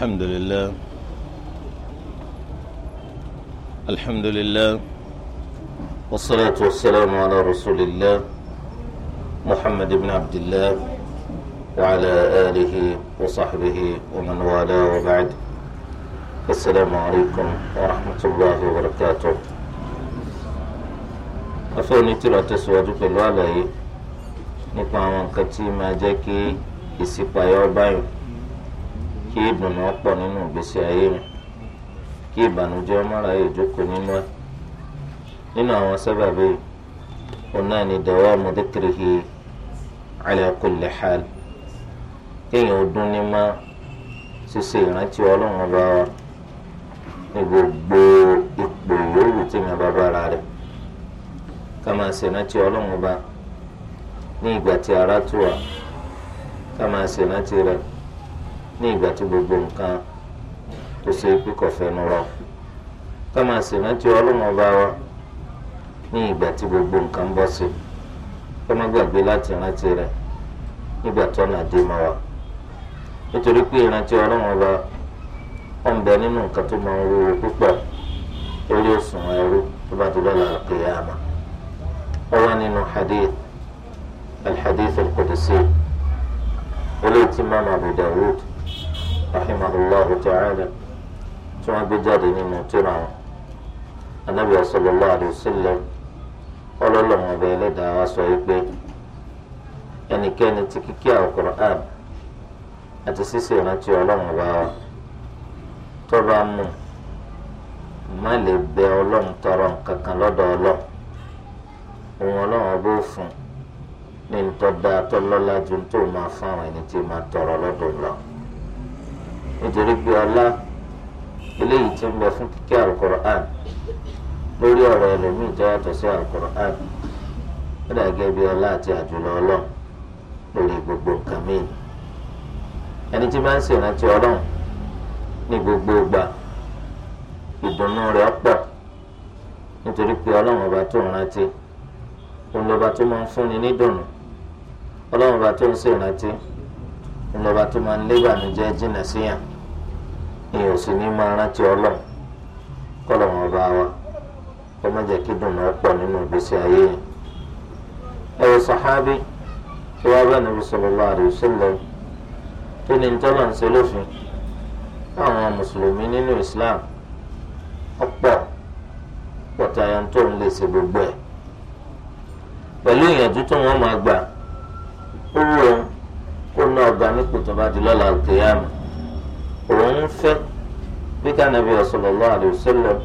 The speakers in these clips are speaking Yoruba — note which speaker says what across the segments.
Speaker 1: الحمد لله الحمد لله والصلاة والسلام على رسول الله محمد بن عبد الله وعلى آله وصحبه ومن والاه وبعد السلام عليكم ورحمة الله وبركاته أفوني ترى تسواجك الوالي نقام من كتيمة جاكي يسيبا يوبايو kí ìdùnnú pọ̀ nínú ìgbésí ayé mi kí ìbànújẹ́ mọ́ra yìí jókòó nínú ẹ̀ nínú àwọn sábàbí òun náà ni dawamu dhikrihi ala kulli hal kéèyàn ó dún ní mọ́ ṣíṣe ìrántí ọlọ́run bá wa ní gbogbo ipò yòówù tí mi bá bára rẹ̀ ká máa ṣe ìrántí ọlọ́run bá ní ìgbà tí ara tù wá ká máa ṣe ìrántí rẹ̀ ní ìgbà tí gbogbo nǹkan tó ṣe pé kò fẹnu wa ká máa ṣèrántí ọlọ́run ọba wa ní ìgbà tí gbogbo nǹkan ń bọ́ sí ká má gbàgbé láti rántí rẹ̀ nígbà tó náà dé mọ́ wa nítorí pé ìrántí ọlọ́run ọba ọ̀ bẹ nínú nǹkan tó máa ń wúwo púpọ̀ orí òsùn ẹrú tó bá ti lọ́la àkèyàmà ọwọ́ nínú hadith alhadith alqudsi olóòtú mọ́mọ́ Abu Dawud rahimahullahu ta'ala tí wọ́n gbé jáde nínú tírà wọn anabi sallallahu alaihi wasallam ọlọ́lọ́wọ́n ọba ẹlẹ́dàá wa sọ wípé ẹnikẹ́ni tí kíkí al-Qur'an àti ṣíṣe ìrántí ọlọ́wọ́n ọba wa tó bá mú má lè bẹ ọlọ́run tọrọ nǹkan kan lọ́dọ̀ ọlọ́run òun ọlọ́run ọba ò fún ní ntọ́ dáa tó lọ́lá ju tó máa fún àwọn ẹni tí máa tọrọ lọ́dọ̀ ọlọ́run nítorí pé ọlá eléyìí ti ń lọ fún kíké alukur'an lórí ọ̀rọ̀ ẹlòmíì tó yàtọ̀ sí alukur'an ó dà gẹ́gẹ́ bí ọlá àti àjùlọ ọlọ́run lórí gbogbo nǹkan míì ẹni tí máa ń ṣèrántí ọlọ́run ní gbogbo ìgbà ìdùnnú rẹ̀ pọ̀ nítorí pé ọlọ́run ọba tó ń rántí òun lọ́ba tó máa ń fúnni nídùnnú ọlọ́run ọba tó ń ṣèrántí òun lọ́ba tó máa ń lébànújẹ́ jìnnà síyàn ìyẹn ò sì ní máa rántí ọlọ́run kọ́lọ̀ wọn bá wa ó má jẹ́ kí dùn pọ̀ nínú ìgbésí ayé yẹn. ẹ wò tí wàá bá nàbí sallallahu alaihi wasallam tó ní tọ́lọ̀ ń ṣe lófin àwọn mùsùlùmí nínú Islam ọ̀pọ̀ pọ̀tàyà tó ń lè ṣe gbogbo ẹ̀ pẹ̀lú ìyànjú tó wọ́n máa gbà ó wù ọ́ kó ná ọ̀gá nípò tó bá di lọ́la òkè yá mi òun ń fẹ́ bí kánàbí sallallahu alaihi wasallam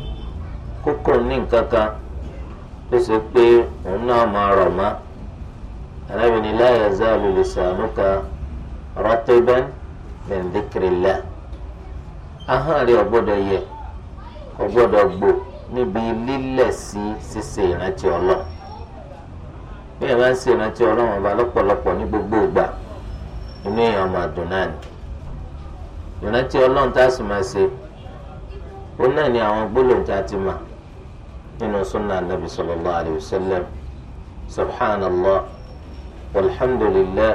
Speaker 1: kókò ní nǹkan kan tó ṣe pé òun náà máa rọ̀ mọ́ anábìíní la yazalu lisanuka ratiban min dhikrillah ahọ́n rẹ̀ ọ̀gbọ́dọ̀ yẹ ọ̀gbọ́dọ̀ gbò níbi lílẹ̀ sí ṣíṣe ìrántí ọlọ́ bí ẹ̀ bá ń ṣe ìrántí ọlọ́wọ́n ọba lọ́pọ̀lọpọ̀ ní gbogbo ìgbà inú èèyàn máa dùn náà ni. ìrántí ọlọ́run tá a sì máa ṣe ó náà ní àwọn gbólóhùn tá a ti mà nínú sunna anabi sallallahu alayhi wa sallam subhanallah walhamdulillah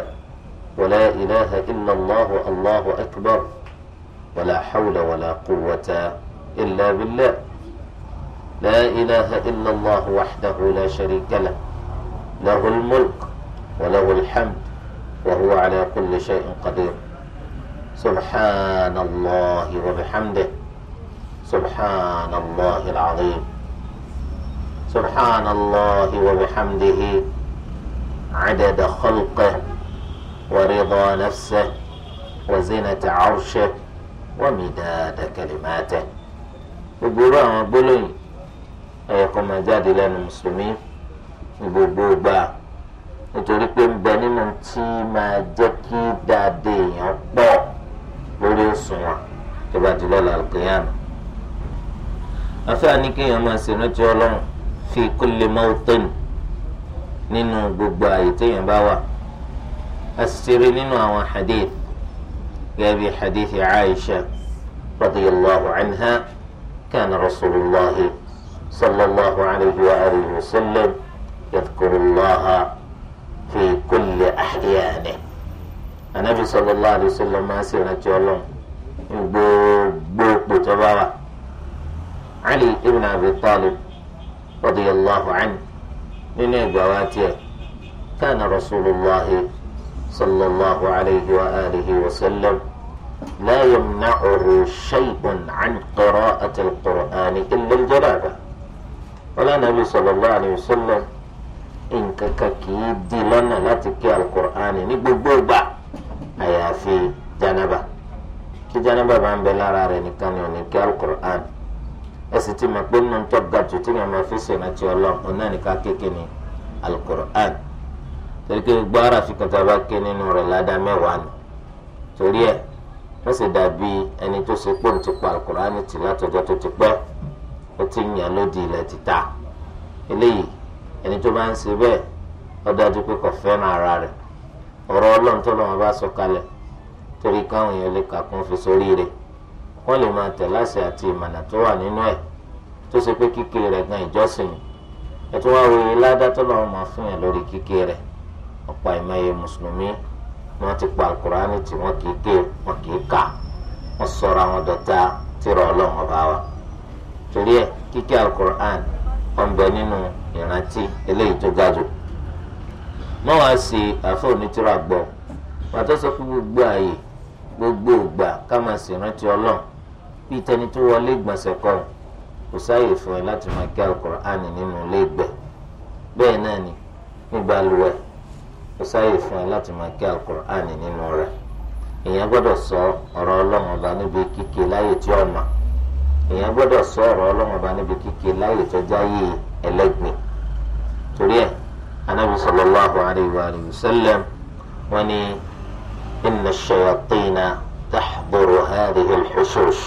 Speaker 1: wala ilaha illallah allahu akbar wala hawla wala quwwata illa billah la ilaha illallah wahdahu la sharika lah lahu almulk wa lahu alhamd wa huwa ala kulli shay'in qadir. سبحان الله وبحمده سبحان الله العظيم سبحان الله وبحمده عدد خلقه ورضا نفسه وزنة عرشه ومداد كلماته بقول بولي أيكم أجادي لنا المسلمين ببوبا نتوري بني من تي ما جكي دادي يبقى ní sunwọ̀n tó bá di lọ́la àlùkìyàmù. afáàní kéèyàn máa ṣe rántí ọlọ́run fi kulli mawtin nínú gbogbo ààyè téèyàn bá wà àṣírí nínú àwọn hadith gẹ́gẹ́ bí hadith Aisha radiyallahu anha kana rasulullah sallallahu alayhi wa alihi wa sallam yadhkurullah fi kulli ahyanihi anabi sallallahu alayhi wa sallam máa ṣe rántí ọlọ́run. gbogbo ipò tó bá wà ali ibn abi talib radiyallahu anhu nínú ìgbà wa tiẹ̀ kana rasulullahi sallallahu alayhi wa alihi wa sallam la yamna'uhu shay'un an qira'ati al-qur'ani illa al-janaba wala nabi sallallahu alayhi wa sallam nǹkan kan kì í di lọ́nà láti kí al-qur'ani ní gbogbo janaba tí jẹ́nẹ́bà bá ń bẹ lára rẹ̀ nìkan ni òní kí alukur'an ẹ sì ti mọ̀ pé nínú tó ga jù tí yẹn máa fi ṣe ìrántí ọlọ́run náà nìkan ni alukur'an torí pé gbọ́ ara fi kọta bá ké nínú rẹ̀ ládàá mẹ́wàá ni torí ẹ̀ wọ́n sì dàbí ẹni tó ṣe pé òun ti pa alukur'an tì látọjọ́ tó ti pẹ́ ó ti yàn lódì ilẹ̀ títà eléyìí ẹni tó bá ń ṣe bẹ́ẹ̀ ó dájú pé kò fẹ́ràn ara rẹ̀ ọ̀rọ̀ ọlọ́run tó lọ́wọ́ bá sọ kalẹ̀ torí káwọn èèyàn lè kàkún fi sórí rẹ̀ wọ́n lè máa tẹ̀ láṣẹ àti ìmọ̀nà tó wà nínú ẹ̀ tó ṣe pé kíkiri rẹ̀ gan ìjọsìn ẹ̀ tó wá wòye ládàtọ́ lọ́wọ́ máa fún yẹn lórí kíkiri rẹ̀ ọ̀pọ̀ àìmọye mùsùlùmí ni wọ́n ti pa àkùránì tí wọ́n kì í ké wọn kì í kà wọ́n sọ̀rọ̀ àwọn dọ̀tá tìrọ̀ ọlọ́run ọba wa torí ẹ̀ kíké àkùránì ọ̀nbẹ nínú ìrántí eléyìí tó ga jù mọ́ wá sí àfọ̀ onítìrà gbọ́ pàtó sọ pé gbogbo àyè gbogbo ògbà ká máa sì rántí ọlọ́ pété ni tó wọlé gbọ̀nsẹ̀ kọ́ kò sáàyè fún ẹ láti máa kí alukur'ani nínú ilé gbẹ bẹ́ẹ̀ náà ni nígbà lùwẹ̀ kò sáàyè fún ẹ láti máa kí alukur'ani nínú rẹ èèyàn gbọ́dọ̀ sọ ọ̀rọ̀ ọlọ́run ọba níbi kíkẹ́ láyè tí ó mọ̀ èèyàn gbọ́dọ̀ sọ ọ̀rọ̀ ọlọ́run ọba níbi kíkẹ́ láyè tó jáyé ẹlẹ́gbin torí ẹ anábìsọ̀lọ́lọ́ àbọ̀ àríwá àríwá sẹ́lẹ̀m wọ́n ní. إن الشياطين تحضر هذه الحشوش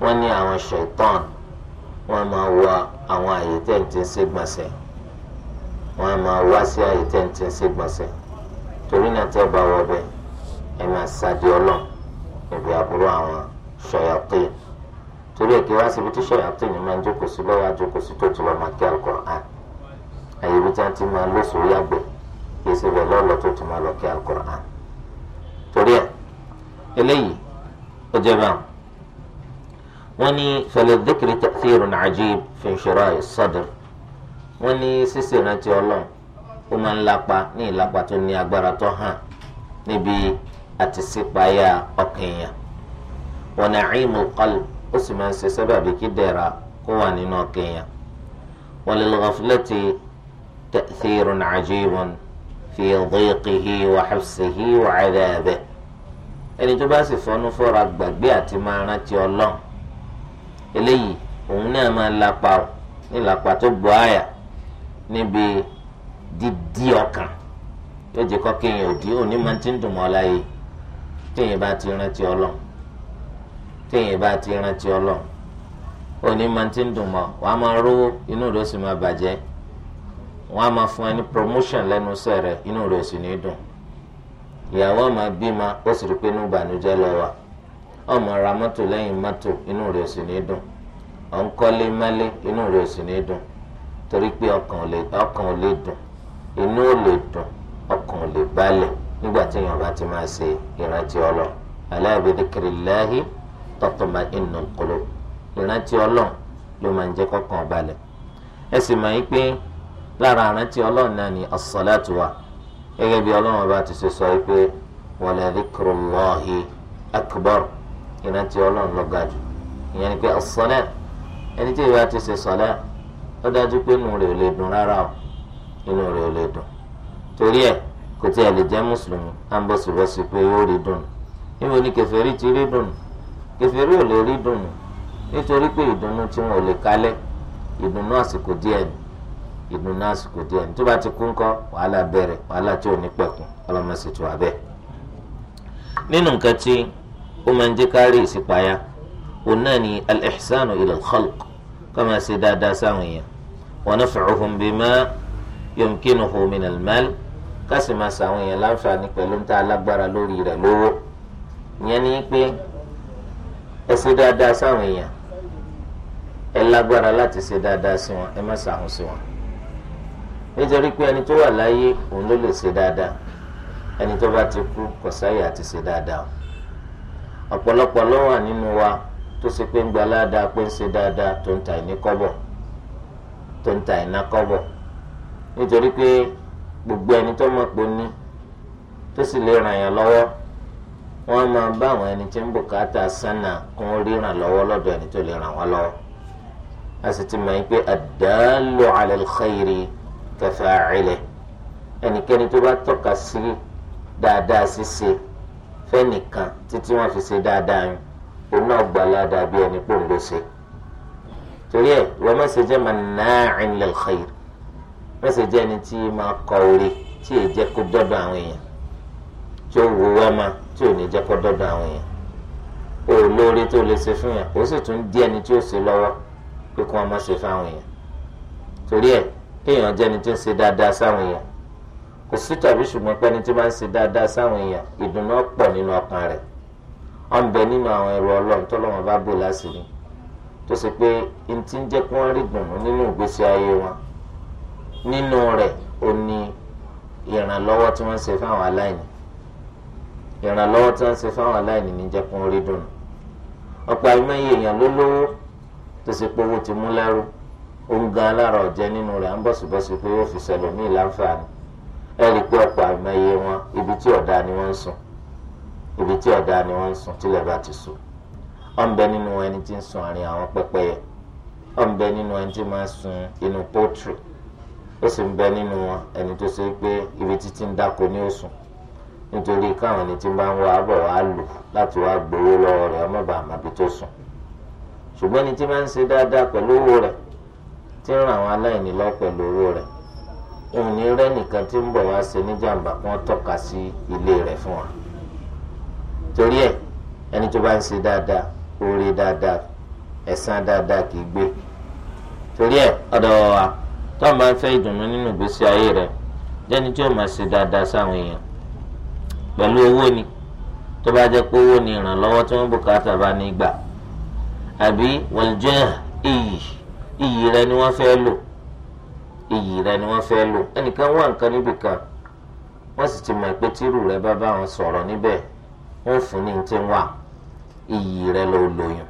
Speaker 1: wọ́n ní àwọn ṣètọ́n wọ́n máa wá àwọn àyè tẹ́ǹtì sígbọ̀nsẹ̀ wọ́n máa wá sí àyè tẹ́ǹtì sígbọ̀nsẹ̀ torí náà tẹ́ bá wọ bẹ́ẹ̀ ẹ máa ṣáàdì ọlọ́run níbi àbúrò àwọn ṣayatin torí èké wá síbi tí ṣayatin ni máa ń jókòó sí lọ́wọ́ àjókòó sí tó ti lọ́ọ́ máa kí al-Qur'an àyè ibi tí wọ́n ti máa lóṣù yàgbẹ́ kí ẹsẹ̀ bẹ̀ lọ́ọ̀lọ́ tó ti máa lọ kí al-Qur'an. إلي جمال وني فللذكر تأثير عجيب في شراء الصدر وني سيسينا الله ومن لقبا ني لقبا تنيا براتوها نبي أتسيبا يا أقيا ونعيم القلب اسما سسبب كديرا قواني نوكيا وللغفلة تأثير عجيب في ضيقه وحبسه وعذابه ẹni tó bá sì fọnú fọ́ra gbàgbé àti máa rántí ọlọ́run eléyìí òun náà máa lapa ọ nílapa tó bọ àyà níbi dídí ọkàn yóò jẹ́ kọ́ kéèyàn òdì òní máa ti ń dùn mọ́ láyé téèyàn bá ti rántí ọlọ́run téèyàn bá ti rántí ọlọ́run òní máa ti ń dùn mọ́ wàá máa rówó inú rẹ̀ sì máa bàjẹ́ wọ́n á máa fún ẹ ní promotion lẹ́nu iṣẹ́ rẹ̀ inú rẹ̀ sì ní dùn. ìyàwó ọmọ bímọ ó sì rí pé inú ìbànújẹ́ lọ wà ọmọ ra mọ́tò lẹ́yìn mọ́tò inú rẹ̀ ò sì ní dùn ọ̀nkọ́lé mẹ́lé inú rẹ̀ sì ní dùn torí pé ọkàn ò lè dùn inú ò lè dùn ọkàn ò lè balẹ̀ nígbà tí èèyàn bá ti máa ṣe ìrántí Ọlọ́run ala bi dhikrillahi tatma'innul qulub ìrántí Ọlọ́run ló máa ń jẹ́ kọ́kàn balẹ̀ ẹ sì máa ń pín lára ìrántí Ọlọ́run náà ní as-salatu wa. gẹ́gẹ́ bí ọlọ́run ọba ti ṣe sọ pé wala dhikrullahi akbar ìrántí ọlọ́run ló ga jù ìyẹn ni pé as-salat ẹni tí ìwà ti ṣe salat ó dájú pé inú rẹ̀ ò lè dùn rárá o inú rẹ̀ ò lè dùn torí ẹ̀ kò tí ẹ̀ lè jẹ́ mùsùlùmí à ń bọ̀sibọ̀si pé yóò rí dùn níbo ni kèfèrí ti rí dùn kèfèrí ò lè rí dùn nítorí pé ìdùnnú tí wọn ò lè kalẹ̀ ìdùnnú àsìkò díẹ̀ ni ìdùnnú àsìkò díẹ̀ ní tó bá ti kú ńkọ́ wàhálà bẹ̀rẹ̀ wàhálà tí ò ní pẹ̀kun ọlọ́mọ sì tù wá bẹ́ẹ̀. nínú nǹkan tí ó máa ń jẹ́ ká rí ìṣípayá òun náà ni al-ihsanu ila al-khalq ká máa ṣe dáadáa sáwọn èèyàn wa naf'uhum bima yumkinuhu min al-mal ká sì máa ṣàwọn èèyàn láǹfààní pẹ̀lú ń ta alágbára lórí rẹ̀ lówó ìyẹn ni pé ẹ ṣe dáadáa sáwọn èèyàn ẹ lágbára láti ṣe dáadáa sí wọn ẹ má ṣàhùn sí wọn nítorí pé ẹni tó wà láyé òun ló lè ṣe dáadáa ẹni tó bá ti kú kò sáyè àti ṣe dáadáa ọ̀pọ̀lọpọ̀ ló wà nínú wa tó ṣe pé ń gba ládàá pé ń ṣe dáadáa tó ń ta ìní kọ́bọ̀ tó ń ta ìná kọ́bọ̀ nítorí pé gbogbo ẹni tó mọ̀ pé ní tó sì lè ràn yàn lọ́wọ́ wọ́n máa bá àwọn ẹni tí ń bùkátà sánà kún ríran lọ́wọ́ lọ́dọ̀ ẹni tó lè ràn wọ́n lọ́wọ́ a sì ti mọ̀ yín pé àdáàlú alẹ́ kẹfàáìlẹ̀ ẹnikẹ́ni tó bá tọ́ka sí dáadáa ṣíṣe fẹ́nìkan títí wọ́n fi ṣe dáadáa yín òun náà gbà ládàá bí ẹni pò ń lọ ṣe torí ẹ wọ́n má ṣe jẹ́ manā'in lil khair má ṣe jẹ́ ẹni tí máa kọ orí tí èyí jẹ́ kó dọ́dọ̀ àwọn èèyàn tí ó wù wá ma tí ò ní jẹ́ kó dọ́dọ̀ àwọn èèyàn ó lóore tó lè ṣe fún yàn ó sì tún di ẹni tí ó ṣe lọ́wọ́ pé kí wọ́n má ṣe fáwọn èèyàn torí ẹ kéèyàn jẹ́ni tí ń se dáadáa sáwọn èèyàn kò sí tàbí ṣùgbọ́n pẹ́ni tí bá ń se dáadáa sáwọn èèyàn ìdùnnú ọ̀pọ̀ nínú ọkàn rẹ̀ ó bẹ nínú àwọn ẹrù ọlọ́run tó lọ́wọ́n bá bò láṣìírí tó pé n ti ń jẹ́ kí wọ́n rí dùnnú nínú ìgbésí ayé wọn nínú rẹ̀ ó ní ìrànlọ́wọ́ tí wọ́n ń se fáwọn aláìní ìrànlọ́wọ́ ti o gan alára ọ̀jẹ́ nínú rẹ̀ ń bọ̀sibọ́sí pé o fi sẹlòmíì láǹfààní ẹ rí i pé ọ̀pọ̀ wọn ibi tí ọ̀dà ni wọ́n ń sùn ni wọ́n ń ti sùn ọ̀ ń bẹ nínú ẹni tí ń sùn àárín àwọn pẹ́pẹ́yẹ ọ̀ ń bẹ nínú ẹni tí máa ń sùn inú pọ́tìrì ó sì ń bẹ nínú ẹni tó ṣe pé ibi títí ń dáko ní òsùn nítorí káwọn ẹni tí bá wá bọ̀ wá lù wá gbowó lọ́wọ́ rẹ̀ ọmọ tó sùn ṣùgbọ́n ẹni tí máa ń ṣe dáadáa tí ń ràn àwọn aláìní lọ pẹ̀lú owó rẹ̀ òun ní rẹ́ nìkan tí ń bọ̀ wá ṣe níjàmbá kí wọ́n tọ́ka sí ilé rẹ̀ fún wa torí ẹ̀ ẹni tó bá ń ṣe dáadáa oore dáadáa ẹ̀san dáadáa kì í gbé torí ẹ̀ ọ̀dọ̀ wa tó ń bá ń fẹ́ ìdùnnú nínú ìgbésí ayé rẹ̀ jẹ́ni tí ó máa ṣe dáadáa sáwọn èèyàn pẹ̀lú owó ni tó bá jẹ́ pé owó ni ìrànlọ́wọ́ tí wọ́n bùkátà bá ní gbà àbí wal jah iyì iyì rẹ ni wọ́n fẹ́ lò iyì rẹ ni wọ́n fẹ́ lò ẹnìkan wà nǹkan níbì kan wọ́n sì ti mọ̀ pé tírù rẹ bá bá wọn sọ̀rọ̀ níbẹ̀ wọ́n fún ní ti wà iyì rẹ ló lòyàn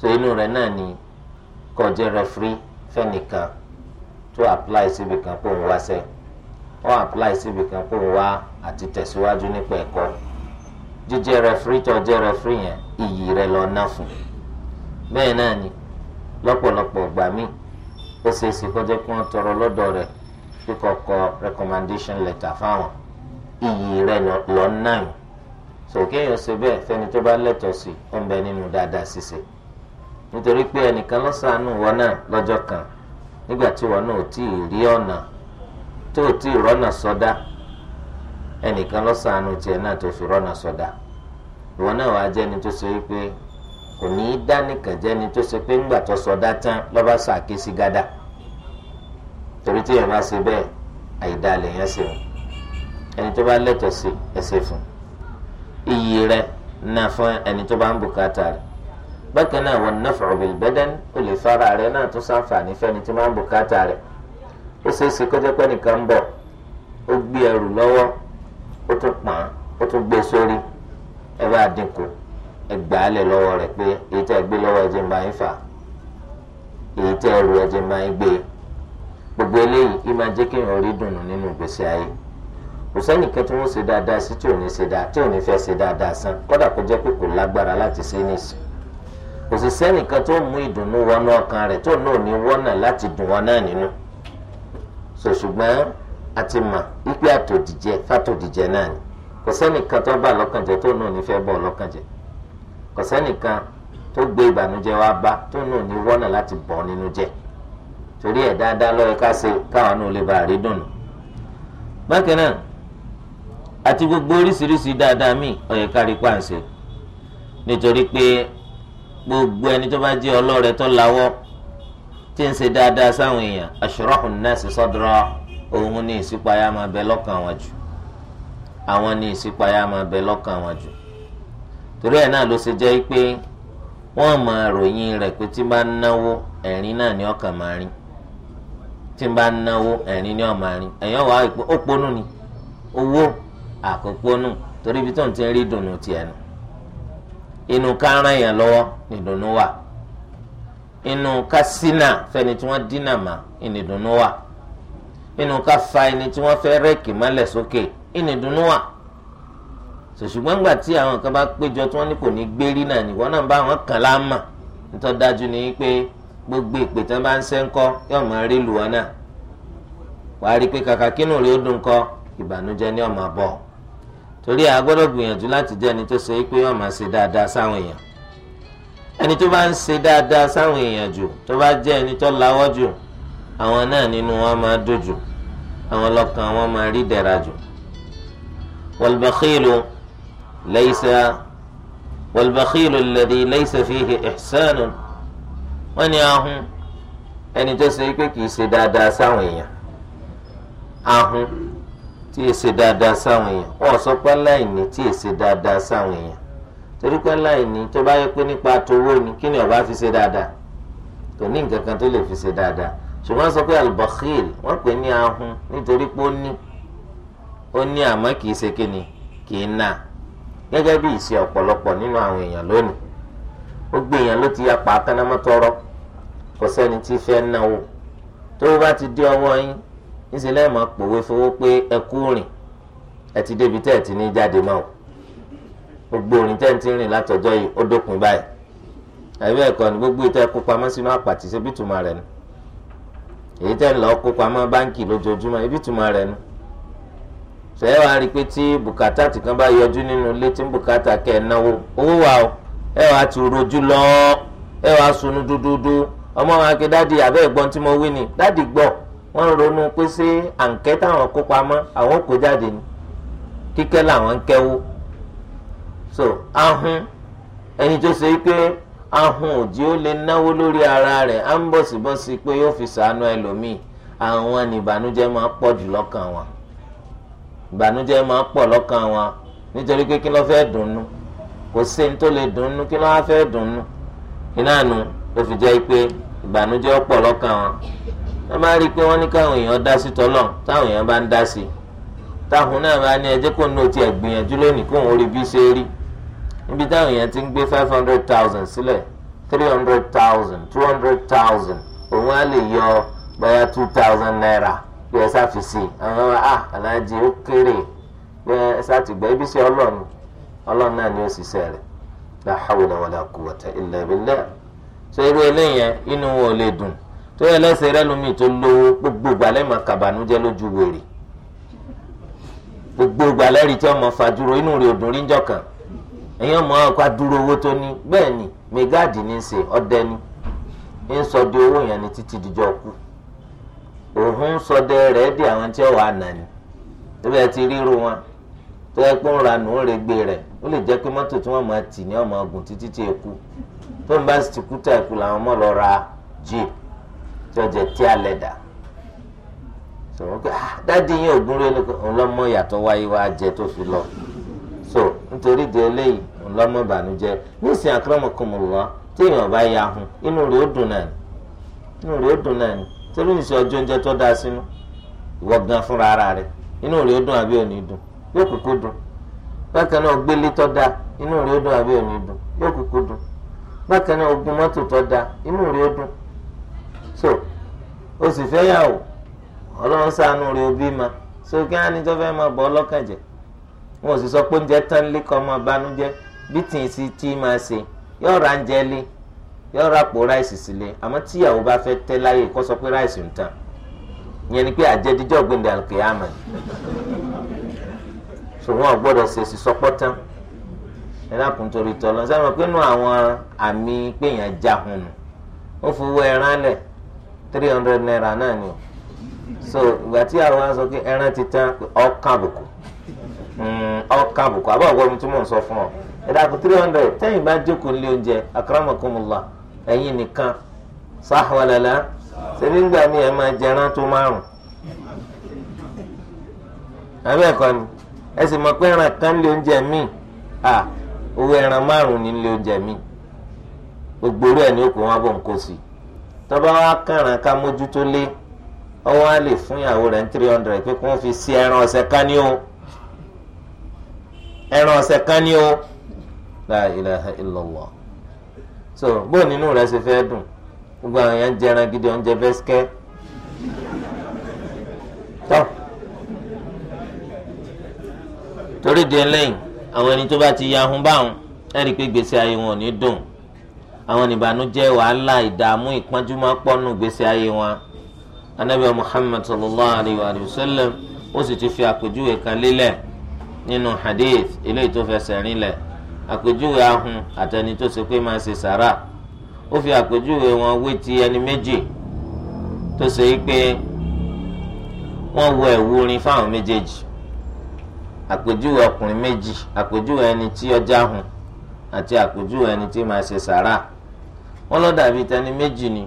Speaker 1: so inú rẹ náà ni kọjá rẹfúrí fẹ́nìkan tó apply síbi kan kó ń wáṣẹ́ wọ́n apply síbi kan kó ń wá àti tẹ̀síwájú nípa ẹ̀kọ́ jíjẹ́ rẹfúrí tó jẹ́ rẹfúrí yẹn iyì rẹ lọ ná fún bẹ́ẹ̀ náà ni lọ́pọ̀lọpọ̀ ìgbà míì ó ṣeé ṣe kí wọ́n tọrọ lọ́dọ̀ rẹ̀ kíkọ́ kọ recommendation letter fáwọn iyì rẹ̀ lọ náà so kéèyàn ṣe bẹ́ẹ̀ fẹ́ni tó bá lẹ́tọ̀ọ́ sí ó ń bẹ nínú dáadáa ṣíṣe nítorí pé ẹnìkan ló wọn náà lọ́jọ́ kan nígbà tí wọn náà ò tí ì rí ọ̀nà tó ò tí ì rọ́nà sọ́dá ẹnìkan tiẹ̀ náà tó kò ní í dá nìkan jẹ́ ni tó ṣe pé ńgbà tó sọdá tán lọ́ba sọ àkésí gádà torí tí èèyàn bá ṣe bẹ́ẹ̀ àìdá lèèyàn ṣe wọn ẹni tó bá lẹ́tọ̀ọ́ sí ẹsẹ̀ fún iyì rẹ̀ ná fún ẹni tó bá ń bùkátà rẹ̀ bákan náà wọn náà fọ̀rọ̀ bìlì bẹ́dẹ́n ó lè fara rẹ̀ náà tó sáǹfààní fẹ́ni tó máa ń bùkátà rẹ̀ ó ṣeé ṣe kọjá pé nìkan ń bọ̀ ó gbé ẹrù lọ́wọ́ ó tún pọ̀n ó tún gbé sórí ẹ bá dínkù ẹgbàá lẹ̀ lọ́wọ́ rẹ̀ pé èyí tẹ́ ẹ gbé lọ́wọ́ ẹ̀jẹ̀ máa ń fà èyí tẹ́ ẹ rù ẹ̀jẹ̀ máa ń gbé gbogbo eléyìí yìí máa jẹ́ kéèyàn rí dùnnú nínú ìgbésí ayé kò sẹ́nìkan tí wọ́n ṣe dáadáa sí tí ò ní ṣe dáa tí ò ní fẹ́ ṣe dáadáa san kódà kó jẹ́ pé kò lágbára láti ṣe nìsín kò sì sẹ́nìkan tó mú ìdùnnú wọnú ọkàn rẹ̀ tó náà ní wọ́nà láti dùn wọn náà nínú sọ ṣùgbọ́n a ti mọ̀ wípé àtòdìjẹ fàtòdìjẹ náà ni kò sẹ́nìkan tó bà lọ́kàn tó náà ní fẹ́ bọ̀ lọ́kàn kò sẹ́nìkan tó gbé ìbànújẹ́ wá bá tó nù ní wọ́nà láti bọ̀ nínú jẹ́ torí ẹ̀ dáadáa lọ́yẹ ká ṣe káwọn náà lè bá rí dùnú. bákan náà àti gbogbo oríṣiríṣi dáadáa míì ọ̀yẹ kárí pàǹṣẹ nítorí pé gbogbo ẹni tó bá jẹ́ ọlọ́rẹ tó lawọ́ tí ń ṣe dáadáa sáwọn èèyàn ashrahun nas sadra òun ní ìṣípayá máa bẹ lọ́kàn wọn jù àwọn ní ìṣípayá máa bẹ lọ́kàn wọn jù torí ẹ náà ló ṣe jẹ́ pé wọ́n máa ròyìn rẹ̀ pé tí bá ń náwó ẹ̀rín náà ni ọkàn máa rìn tí bá ń náwó ẹ̀rín ni ọkàn rìn ẹ̀yàn wàá wípé ó ponú ni owó àkópónú torí ibi tó ń ti rí dùnú tiẹ̀ nù inú ká ràn yàn lọ́wọ́ ni wà inú ká sínà fẹ́ni tí wọ́n dínà mà ni wà inú ká fa ẹni tí wọ́n fẹ́ rẹ́ẹ̀kì mọ́lẹ̀ sókè ni wà. ṣùgbọ́n nígbà tí àwọn kan bá péjọ tí wọ́n ní kò ní gbérí náà nìwọ náà bá wọn kàn láàmà nítorí dájú ni pé gbogbo ìpè tí wọ́n bá ń ṣe ń kọ́ yóò máa rí lù wọn náà wàá rí i pé kàkà kínú rí ó dùn kọ́ ìbànújẹ́ ni ọmọ bọ̀ torí a gbọ́dọ̀ gbìyànjú láti jẹ́ ẹni tó ṣe pé yóò máa ṣe dáadáa sáwọn èèyàn ẹni tó bá ń ṣe dáadáa sáwọn èèyàn jù tó bá jẹ́ ẹni tó lawọ́ jù àwọn náà nínú wọn máa dójú àwọn lọ́kàn wọn máa rí dẹ̀ra jù wal bakhilu ليس والبخيل الذي ليس فيه إحسان wọ́n ní ahun ẹni tó ṣe pé kì í ṣe dáadáa sáwọn الله ahun tí ì ṣe dáadáa sáwọn èèyàn wọ́n sọ pé láìní tí ì ṣe dáadáa sáwọn èèyàn torí pé láìní tó bá yẹ pé nípa towó ni kí ni ọba fi ṣe dáadáa kò ní nǹkan kan tó lè fi ṣe dáadáa ṣùgbọ́n sọ pé albakhil wọ́n pè ní ahun nítorí pé ó ní ó ní àmọ́ kì ṣe kíni kì í náà gẹ́gẹ́ bí ìṣe ọ̀pọ̀lọpọ̀ nínú àwọn èèyàn lónìí ó gbé èèyàn ló ti ya pàtánamọ́tọ́rọ́ kò sẹ́ni tí fẹ́ náwó tó bá ti dé ọwọ́ yín níṣẹ́ lẹ́ẹ̀ máa pòwe fowó pé ẹ kú rìn ẹ ti débi tẹ́ ẹ ti ní jáde mọ́ o gbogbo orin tẹ́ ń ti rìn látọjọ́ yìí ó dópin báyìí àbí ẹ̀kọ́ ni gbogbo ìtẹ́ kó pamọ́ sínú àpàtì ṣe bí tùmọ̀ rẹ̀ nu èyí tẹ́ ń lọ kó pamọ́ báńkì lójoojúmọ́ ibi tùmọ̀ rẹ̀ nu sọ̀yẹ́ wàá rí i pé tí bùkátà tìkan bá yọjú nínú ilé tí ń bùkátà kẹ́ ẹ̀ náwó owó wa o ẹ wàá ti rojú lọ ẹ wàá sunu dúdúdú ọmọ wọn ake dáàdi àbẹ́ ẹ̀gbọ́n tí mo wí ni dáàdi gbọ́ wọ́n ronú pé ṣé àǹkẹ́ táwọn kó pamọ́ àwọn kó jáde ni kíkẹ́ làwọn ń kẹ́wó so ahun ẹni tó ṣe pé ahun òjì ó lè náwó lórí ara rẹ̀ á ń bọ̀sibọ́sí pé yóò fi sàánú ẹlòmíì àwọn ìbànújẹ́ máa pọ̀ jù lọ́kàn wọn. ìbànújẹ́ máa pọ̀ lọ́kàn wọn nítorí pé kí ló fẹ́ dùnnú kò sí ní tó lè dùnnú kí ló wá fẹ́ dùnnú iná nu ló fi jẹ́ pé ìbànújẹ́ pọ̀ lọ́kàn wọn ẹ máa rí i pé wọ́n ní káwọn èèyàn dá sí tọ́lọ̀ táwọn èèyàn bá ń dá sí táwọn náà bá ní ẹjẹ́ kó ní o tiẹ̀ gbìyànjú lónìí kó òun rí bí ṣe rí níbi táwọn èèyàn ti ń gbé five hundred thousand sílẹ̀ three hundred thousand two hundred thousand òun á lè yọ bóyá two thousand naira pé ẹ ṣàfìsì àwọn ah aláàjì ó kéré pé ẹ ṣàtìgbẹ́ ibi ṣe ọlọ́run ọlọ́run náà ni ó ṣiṣẹ́ rẹ̀ la hawla wala quwwata illa billah ṣé irú eléyẹn inú wọn ò lè dùn tó yẹ lẹ́sẹ̀ rẹ tó lówó gbogbo gbalẹ́ lójú wèrè gbogbo gbalẹ́ rí ọmọ inú òdùn rí kan adúró owó tó ní ni mẹgáàdì ní í ṣe owó yẹn ni títí kú. ohun sọdẹ rẹ di àwọn tí ó wà nàní ibẹ̀ ti ríru wọn tó yẹ nranu ń ra nù ń regbe rẹ̀ ó lè jẹ́ pé mọ́tò tí máa tì ní eku tó ń bá sì ti kú tá eku làwọn ọmọ lọ ra jeep tí ọjà tí a lẹ̀ dà sọ̀rọ̀ pé ah dáàdi yín ògùn rẹ̀ so nítorí di eléyìí ọlọ́mọ ìbànújẹ́ lọ bá yà hun inú ó dùn torí nìṣe ọjọ́ oúnjẹ tó dáa sínú ìwọ gan fúnra ara rẹ inú rẹ ó dùn àbí ò dùn yóò kúkú dùn bákan náà gbélé tó dáa inú rẹ ó dùn àbí ò dùn yóò kúkú dùn bákan náà ogun mọ́tò tó dáa inú rẹ ó dùn so o sì fẹ́ yà wò ọlọ́run ṣàánú rẹ ó bí ma so kí á ní tó fẹ́ máa bọ̀ ọlọ́kàn jẹ wọn ò sì sọ pé oúnjẹ tán lé kọ́ ọmọ ìbànújẹ́ bí tì í sí tí máa ṣe yóò ra oúnjẹ lé yọ rapò ráìsì sílé àmọ́ tíyàwó bá fẹ́ tẹ́ láyè kó sọ pé ráìsì ń tàn ìyẹn ni pé àjẹdíjọ́ gbẹ̀ndẹ̀ àlùkìyàmà ṣùgbọ́n ọ̀gbọ́dọ̀ ṣèṣì sọpọ́ tán ẹlẹ́kùn torí tọ́lọ́ sábà pé nù àwọn àmì péyàn jahun nù naira náà ni o so ìgbà tí àwọn á sọ pé ẹran ti tán ọkàn àbùkù hmm, ọkàn àbùkù àbọ̀ 300 mi ń sọ fún ọ ẹ̀yin nìkan sáhùwàlálà ṣebí ńgbà mi ẹ̀ máa jẹran tó márùn àbí ẹ̀kọ́ ni ẹ sì mọ̀ pé ẹran kan lé oúnjẹ míì à owó ẹran márùn ní lé oúnjẹ míì gbogbo orí ẹ̀ ní òkú wọn bọ̀ ń kó sí tọ́ba wa kàràn ká mójútó lé ọwọ́ á lè fún ìyàwó rẹ̀ ní three hundred pé kí wọ́n fi sí ẹran ọ̀sẹ̀ kan ní o ẹran ọ̀sẹ̀ kan ní o la ilaha so bó nínú rẹ ṣe fẹ́ dùn gbogbo àwọn èèyàn jẹran gidi oúnjẹ bẹ́sikẹ́ tọ́ torí di ẹlẹ́yìn àwọn ẹni tó bá ti yahun báwọn ẹ̀rí pé gbèsè ayé wọn ò ní dùn àwọn ìbànújẹ́ wàhálà ìdààmú ìpọ́njú máa pọ́nù gbèsè ayé wọn anabi muhammad sallallahu alayhi wa sallam ó sì ti fi àpèjúwe kan lélẹ̀ nínú hadith eléyìí tó fẹsẹ̀ rinlẹ̀ àpèjúwe ahun àtẹni tó ṣe pé máa ṣe sàrà ó fi àpèjúwe wọn wé ti ẹni méjì tó ṣe pé wọ́n wọ ẹ̀wù orin fáwọn méjèèjì àpèjúwe ọkùnrin méjì àpèjúwe ẹni tí ọjà ahun àti àpèjúwe ẹni tí máa ṣe sàrà wọ́n lọ dàbí tẹni méjì ni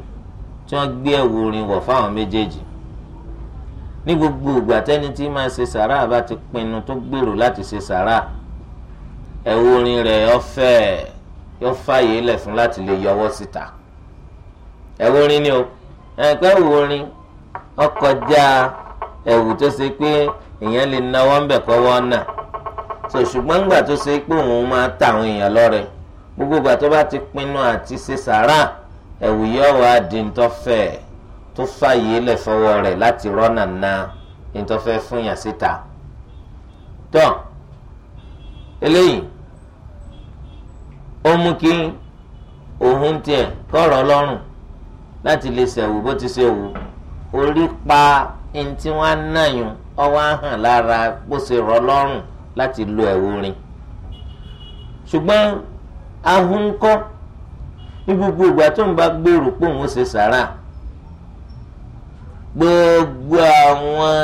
Speaker 1: tí wọ́n gbé ẹ̀wù orin wọ̀ fáwọn méjèèjì ní gbogbo ìgbà tẹni tí máa ṣe sàrà bá ti pinnu tó gbèrò láti ṣe sàrà ẹ̀wù orin rẹ̀ ọ̀fẹ́ yóò fààyè lẹ̀ fún láti lè yọwọ́ síta ẹ̀wù orin ni o ẹ̀pẹ́ ẹ̀wù orin ọkọjá ẹ̀wù tó ṣe pé èèyàn lè náwó ń bẹ̀ kọ́wọ́ náà so ṣùgbọ́n ńgbà tó ṣe pé òun máa ta àwọn èèyàn lọ́rẹ gbogbo ìgbà tó bá ti pinnu àti ṣe sàrà ẹ̀wù yóò wá di ntọ́fẹ́ tó fààyè lẹ̀ fọwọ́ rẹ̀ láti rọ́nà náà ntọ́fẹ́ fún yàn síta tán eléyìí ó mú kí òun tiẹ̀ kọ̀rọ̀ ọlọ́run láti lè ṣẹ̀wù bó ti ṣe wù orí pa ẹni tí wọ́n á náyùn ọwọ́ á hàn lára bó ṣe rọ̀ ọlọ́run láti lo ẹ̀wù rin ṣùgbọ́n ahun ní gbogbo ìgbà tó ń bá gbèrò pé òun ṣe sàrà gbogbo àwọn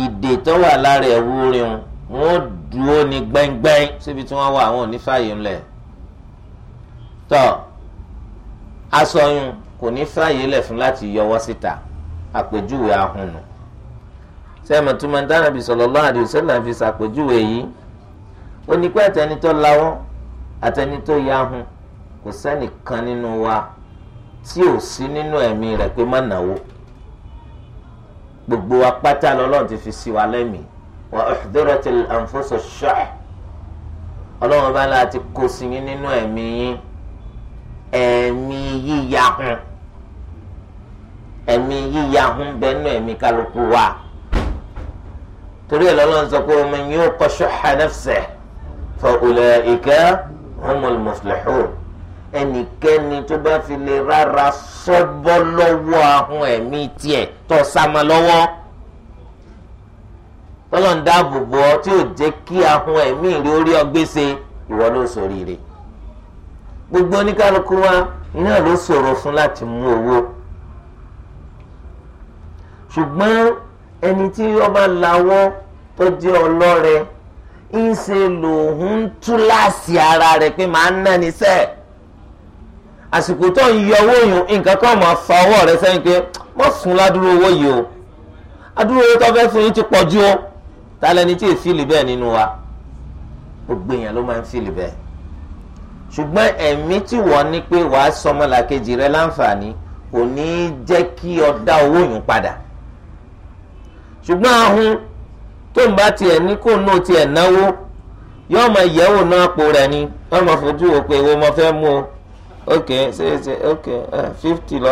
Speaker 1: ìdè tó wà lára ẹ̀wù rin wọn dúró ní gbẹ́ngbẹ́ng síbi tí wọ́n wà àwọn ò ní fààyè ńlẹ̀ tọ́ asọyún kò ní fààyè lẹ̀ fún láti yọwọ́ síta àpèjúwe ahùnù sẹ́mi túmọ̀ dánàbì sallallahu alaihi wasallam fi sàpèjúwe yìí ó ní pé àtẹni tó lawọ́ àtẹni tó yahun kò sẹ́nìkan nínú wa tí ò sí nínú ẹ̀mí rẹ̀ pé má náwó gbogbo wa lọ́lọ́run ti fi sí wa lẹ́mìí wa uhdiratil anfusu ash-shuh ọlọ́run bá láti kó sí yín nínú ẹ̀mí yín ẹ̀mí yíya hun ẹ̀mí yíya hun bẹ́ẹ̀ nínú ẹ̀mí kálukú wa torí ẹ̀ lọ́lọ́run sọ pé man yuqa shuhha nafsihi fa ulaika humul muflihun ẹnikẹ́ni tó bá fi lè rárá sọ́bọ́ lọ́wọ́ ahun ẹ̀mí tiẹ̀ tó sá ma lọ́wọ́ tọ́lọ̀ ń dáàbò bò ọ́ tí ò jẹ́ kí ahun ẹ̀mí rí orí ọ gbèsè ìwọ ló ṣoríire gbogbo oníkálukú wa iná ló ṣòro fún láti mú owó ṣùgbọ́n ẹni tí ọba lawọ́ tó jẹ́ ọlọ́rẹ ń ṣe lòun ń tú láàsì ara rẹ̀ pé màá náni sẹ́ẹ̀ àsìkò tó ń yọ yùn nǹkan kan máa fa ọwọ́ rẹ sẹ́yìn pé wọ́n fún ládùúró owó yìí o adúró tó fẹ́ fún yín ti pọ̀ jù o tálẹ́ni tí èfìlì bẹ́ẹ̀ nínú wa gbogbo èèyàn ló máa ń fìlì bẹ́ẹ̀ ṣùgbọ́n ẹ̀mí tí wọ́n ní pé wàá sọmọlàkejì rẹ láǹfààní kò ní í jẹ́ kí o dá owó yùn padà ṣùgbọ́n ahun tó ń bá tiẹ̀ ní kó nù tiẹ̀ náwó yọ́ọ́ mọ ìyẹ́wò náà po rẹ̀ ni wọ́n mọ fojú wò pé owó mọ fẹ́ mú o ok ṣe ṣe ok eh, fifty lọ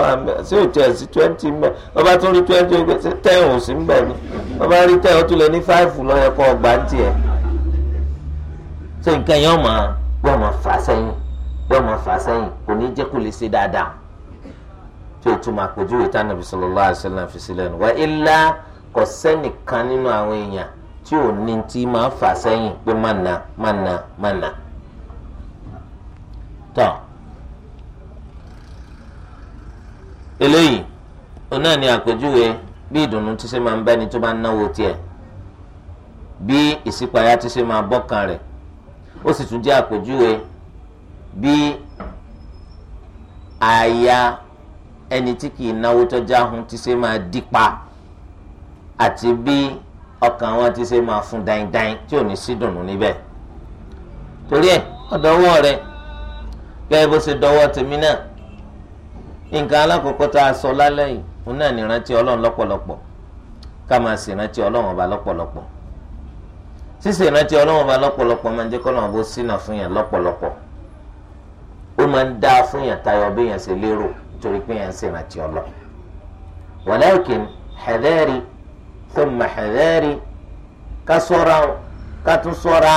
Speaker 1: ṣé ah, o tiẹ̀ sí twenty mbẹ́ ọba tún rí twenty mbẹ́ ṣé ten ò sí mbẹ́ ni ọba rí ten ó tún lè ní five lọ yẹ kó ọgbà ń tiẹ̀ ṣé nǹkan yẹn ọmọ yóò máa fà sẹ́yìn yóò máa fà sẹ́yìn kò ní jẹ́ kó lè ṣe dáadáa tí o tún máa pèjú ìta nàbì sallallahu alaihi wasallam fi sílẹ̀ nù wá ilá kò sẹ́nìkan nínú àwọn èèyàn tí ò ní tí máa fà sẹ́yìn pé má na má na má na tán. eléyìí o náà ni àpèjúwe bí ìdùnnú ti ṣe máa ń bẹ́ni tó bá ń náwó tiẹ̀ bí ìṣípayá ti ṣe máa bọ́kàn rẹ̀ ó sì tún jẹ́ àpèjúwe bí àyà ẹni tí kì í náwó tọ́já hun ti ṣe máa pa àti bí ọkàn wọn ti ṣe máa fún dáindáin tí ò ní sí dùnnú níbẹ̀ torí ẹ̀ ọ̀dọ́wọ́ rẹ̀ gẹ́gẹ́ bó ṣe dọwọ́ tèmi náà nǹkan alákọ̀ọ́kọ́ tá a sọ lálẹ́ yìí òun náà ní ìrántí ọlọ́run lọ́pọ̀lọpọ̀ ká máa sì rántí ọlọ́run ọba lọ́pọ̀lọpọ̀ ṣíṣe ìrántí ọlọ́run ọba lọ́pọ̀lọpọ̀ máa ń jẹ́ kọ́lọ́run bó ṣínà fún yàn lọ́pọ̀lọpọ̀ ó máa ń dá fún yàn tayọ bí yàn ṣe lérò nítorí pé yàn ń ṣe ìrántí ọlọ́run walakin hadari thumma hadari ká sọ́ra ká tún sọ́ra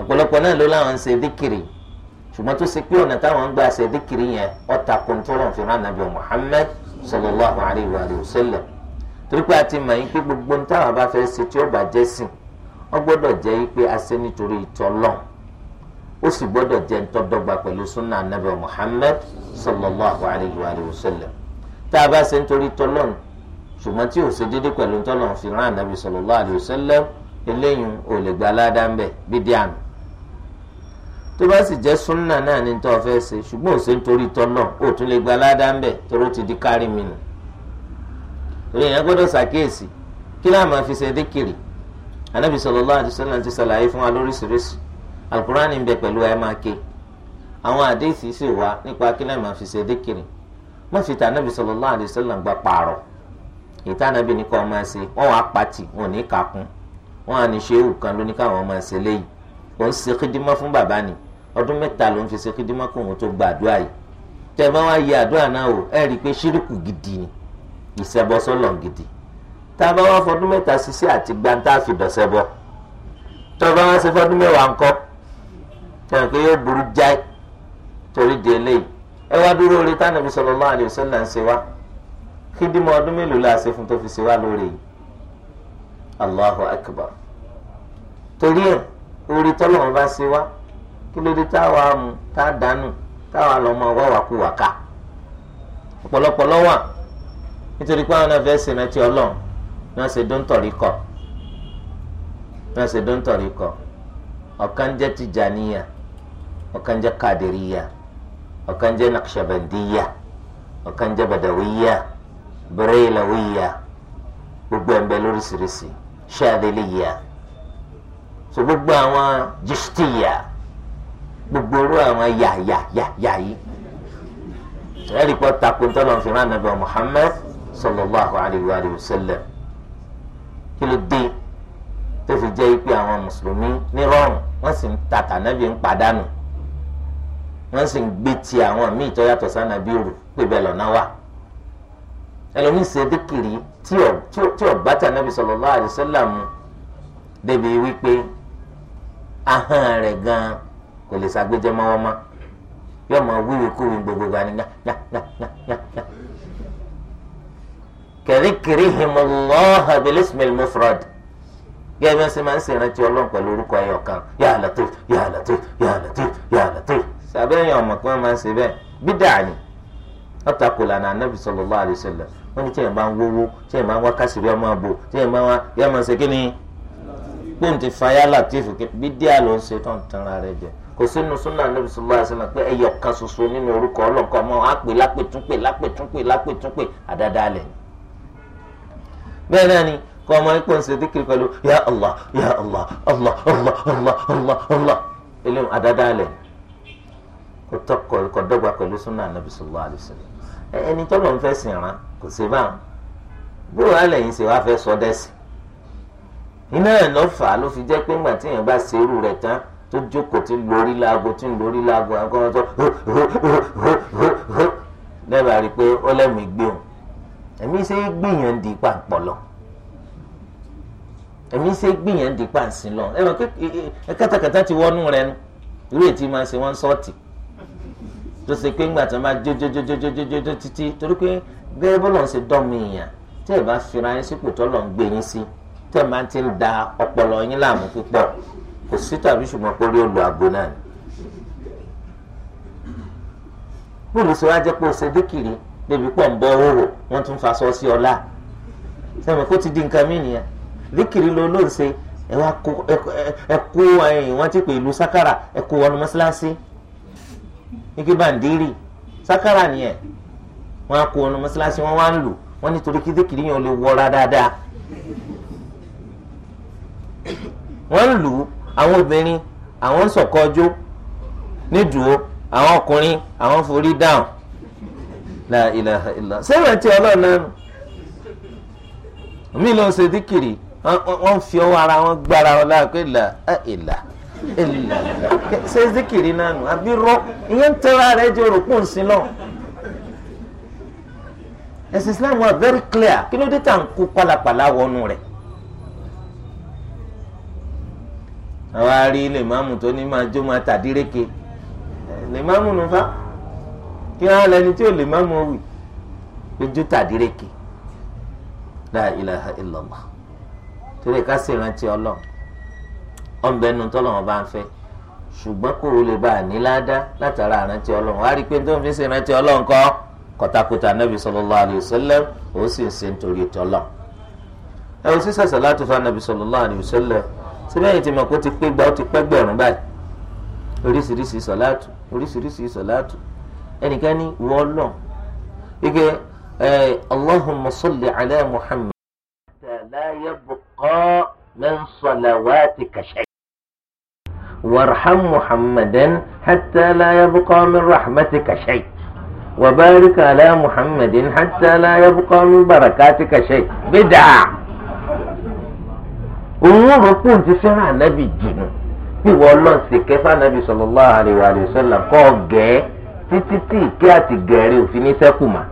Speaker 1: ọ̀pọ̀lọpọ̀ náà ló láwọn ń ṣe díkìrì ṣùgbọ́n tó ṣe pé ọ̀nà táwọn ń gbà ṣe díkìrì yẹn ọ̀tà kòńtòrò fi rán nàbẹ̀ Muhammad sallallahu alayhi wa sallam torí pé a ti mọ̀ yín pé gbogbo ní táwọn bá fẹ́ ṣe tí ó bá jẹ́ sìn ó gbọ́dọ̀ jẹ́ yín pé a ṣe nítorí ìtọ́lọ́ ó sì gbọ́dọ̀ jẹ́ ntọ́dọ́gba pẹ̀lú sunna nàbẹ̀ Muhammad sallallahu alayhi wa sallam tá bá ṣe nítorí ìtọ́lọ́ tó bá sì jẹ́ súnà náà ní tó fẹ́ ṣe ṣùgbọ́n ò ṣe ń torí tọ́ náà ó tún lè gba aládàá ń bẹ̀ tóró ti di kárí mi nù torí èèyàn gbọ́dọ̀ ṣàkíyèsí kí láà máa fi ṣe dékìrì anábì sallallahu alaihi wasallam ti ṣàlàyé fún wa lóríṣiríṣi alukurani ń bẹ pẹ̀lú ẹ máa ké àwọn àdéhìsì sì wá nípa kí láà máa fi ṣe dékìrì má fi tànàbì sallallahu alaihi wasallam gba pààrọ̀ ìtànàbì ní kọ́ máa ṣe wọ́n wàá pati wọn ò ní kàkún wọ́n á ní ṣe é wù kan lóníkàwọn máa ṣe léyìí òun ṣe kídímọ́ fún bàbá ni ọdún mẹ́ta ló ń fi ṣe kídímọ́ kó òun tó gba àdúrà yìí tẹ́ ẹ bá wá yẹ àdúrà náà o ẹ rí i pé ṣírùkù gidi ni ìṣẹbọ sọ́lọ̀ gidi tá a bá wá fọdún mẹ́ta ṣiṣẹ́ àti gbantá fi dọ̀ṣẹbọ tó a bá wá ṣe fọdún mẹ́wàá ńkọ́ tẹ̀ pé yóò burú jáì torí di eléyìí ẹ wá dúró orí tánàbí sallallahu alaihi wasallam ń ṣe wá kídímọ́ ọdún mélòó la ṣe fún tó fi ṣe wá lórí yìí Allahu akbar torí ẹ̀ orí tọ́lọ́run bá ṣe wá kí ló dé táwa mu tá a dànù táwa lọ mọ wá wà kú wà ká ọ̀pọ̀lọpọ̀ lọ́wọ́ nítorí pé àwọn ẹ̀fẹ́ ṣe mẹ́tí ọlọ́run ní wọ́n ṣe dóńtọ̀rí kọ̀ ní wọ́n ṣe dóńtọ̀rí kọ̀ ọ̀kan jẹ́ tìjàníyà ọ̀kan jẹ́ kàdìríyà ọ̀kan jẹ́ nàkṣàbẹ̀ndíyà ọ̀kan jẹ́ bàdàwíyà bẹ̀rẹ̀yìlàwíyà gbogbo ẹ̀ ń bẹ lóríṣiríṣi ṣáàdìlíyà so gbogbo àwọn jìṣtìyà gbogbo orú àwọn yàyàyàyà yìí ẹ̀rí pọ́ takò tọ́lọ̀ fi rán nàbẹ̀ Muhammad sallallahu alayhi wa sallam kí ló dé tó fi jẹ́ pé àwọn mùsùlùmí ní rọrùn wọ́n sì ń tàtà nàbí ń padànù wọ́n sì ń gbé ti àwọn míì tó yàtọ̀ sànàbí rù pé bẹ́ẹ̀ lọ́nà wà ẹlòmíì ṣe dékìrì tí ọ̀bá tànàbí sallallahu alayhi wa sallam débi wípé ahọ́n rẹ̀ gan-an kò lè ṣàgbéjẹ mọ́ wọn mọ́ yóò máa wíwèé kúwì gbogbo gba ni nyanyanyanya. kadhikrihim Allaha bil ismil mufrad gẹ́gẹ́ bí wọ́n ṣe máa ń ṣèrántí ọlọ́run pẹ̀lú orúkọ ẹyọ kan ya Latif ya Latif ya ya Latif. sàbẹ̀yìn ọmọ kí wọ́n máa ń ṣe bẹ́ẹ̀ bídà ni wọ́n takò lànà anábì sallallahu alaihi wasallam wọ́n ní tíyẹ̀ máa ń wówó tíyẹ̀ máa ń wá kásìrí ọmọ àbò tíyẹ̀ máa ń wá yẹ́ máa ń ṣe kí ni pé n ti fa ya Latif bídà ló ń ṣe tó ń tanra rẹ jẹ kò sínú súnà níbi sọlá àṣẹlẹ pé ẹyọ kan ṣoṣo nínú orúkọ ọlọkọ ọmọ wọn á pè lápètúnpè lápè lápètúnpè àdáadáalẹ. bẹ́ẹ̀ náà ni kọ́ ọmọ ipò ń ṣe pẹ̀lú ya allah ya allah allah allah allah allah allah àdáadáalẹ kò tọkọ dọ́gba pẹ̀lú súnà níbi sọlá ẹni fẹ́ kò sí tó jókòó tí ń lórí láago tí ń lórí láago àgọ́ tó lẹ́bàá rí i pé ó lẹ́mìí gbé ẹ̀mí ṣe gbìyàn di pàǹpọ̀ lọ ẹ̀mí ṣe é gbìyàn di pàǹsìn lọ ẹ̀rọ kẹ́tàkẹ́tà ti wọ́nú rẹ nu irú ètí máa ṣe wọ́n sọ́ọ̀tì tó ṣe pé ńgbà tí wọ́n bá jójójójójójójó títí torí pé gẹ́gẹ́ bọ́lọ̀ ń ṣe dọ́mi èèyàn tí ẹ̀ bá fira yín sípò tọ́lọ̀ ń gbé yín sí tẹ́ máa ti ń da ọpọlọ yín láàmú púpọ̀ kò sí tàbí ṣùgbọ́n pé orí olù àgbo náà ni bóòlù sọ wá jẹ́ pé o ṣe dékìrì débi pọ̀ ń bọ́ òrò wọ́n tún fa sọ́ọ́ sí ọlá sẹ́mi kó ti di nǹkan mí nìyẹn dékìrì ló ló ń ṣe ẹ wá kó ẹ kó ẹyìn wọ́n ti pè ìlú sákàrà ẹ kó wọnú mọ́ṣáláṣí igi bàǹdírì sákàrà nìyẹn wọ́n á kó wọnú mọ́ṣáláṣí wọ́n wá ń lù wọ́n nítorí kí dékìrì yẹn ò lè wọra dáadáa wọ́n lù ú àwọn obìnrin àwọn ń sọ̀kọ́jó nídùú àwọn ọkùnrin àwọn forí dáhùn la ilaha illa sẹ́wọ̀n tí ọlọ́run náà nù mí ló ń ṣe díkìrì wọ́n ń fi ọwọ́ ara wọn gbára wọn láàpẹ́ pé la ìlà ìlà ṣe díkìrì náà nù àbí rọ ìyẹn ń tẹ́ra rẹ̀ jẹ́ òrùkún sí náà ẹ̀sìn Islam wa very clear kí ló dé tà ń kó pálapàla wọnú rẹ̀ àwa rí lèmáàmù tó ní máa jó máa tàdíreke lèmáàmù nù fa kí wọn lẹni tí ò lèmáàmù wì lójú tàdíreke la ilaha illallah torí ká sì rántí ọlọ́run ọ̀nbẹ́nu tọ́lọ́run bá ń fẹ́ ṣùgbọ́n kò lè bá a ní ládá látara àrántí ọlọ́run wá rí i pé tó ń fi ṣe rántí ọlọ́run kọ́ kọ́tàkùtà nàbì sallallahu alayhi wa sallam ó sì ń ṣe nítorí tọ́lọ́ ẹ̀ ò sí sẹ̀sẹ̀ láti fa nàbì sallallahu alayhi síbẹ̀ tí mo kó ti mọ̀ kó ti pé gba ó ti pẹ́ gbẹ̀rún báyìí oríṣiríṣi sọ̀láàtù oríṣiríṣi sọ̀láàtù ẹnìkan ní wọ́ọ́ lọ ike allahumma salli ala bùkọ́ la yabqa min salawatika shay. وارحم محمدا حتى لا يبقى من رحمتك شيء وبارك على muhammadin حتى لا يبقى min بركاتك شيء بدعة òun rò pé òun ti fẹ́ràn ànábì jùlọ bí ìwọ ọlọ́run ṣe kẹfà ànábì sallallahu alaihi wa sallam kọ́ gẹ́ títí tí ìkẹ́ àti gẹ̀ẹ́rẹ́ òfin ní sẹ́kù mà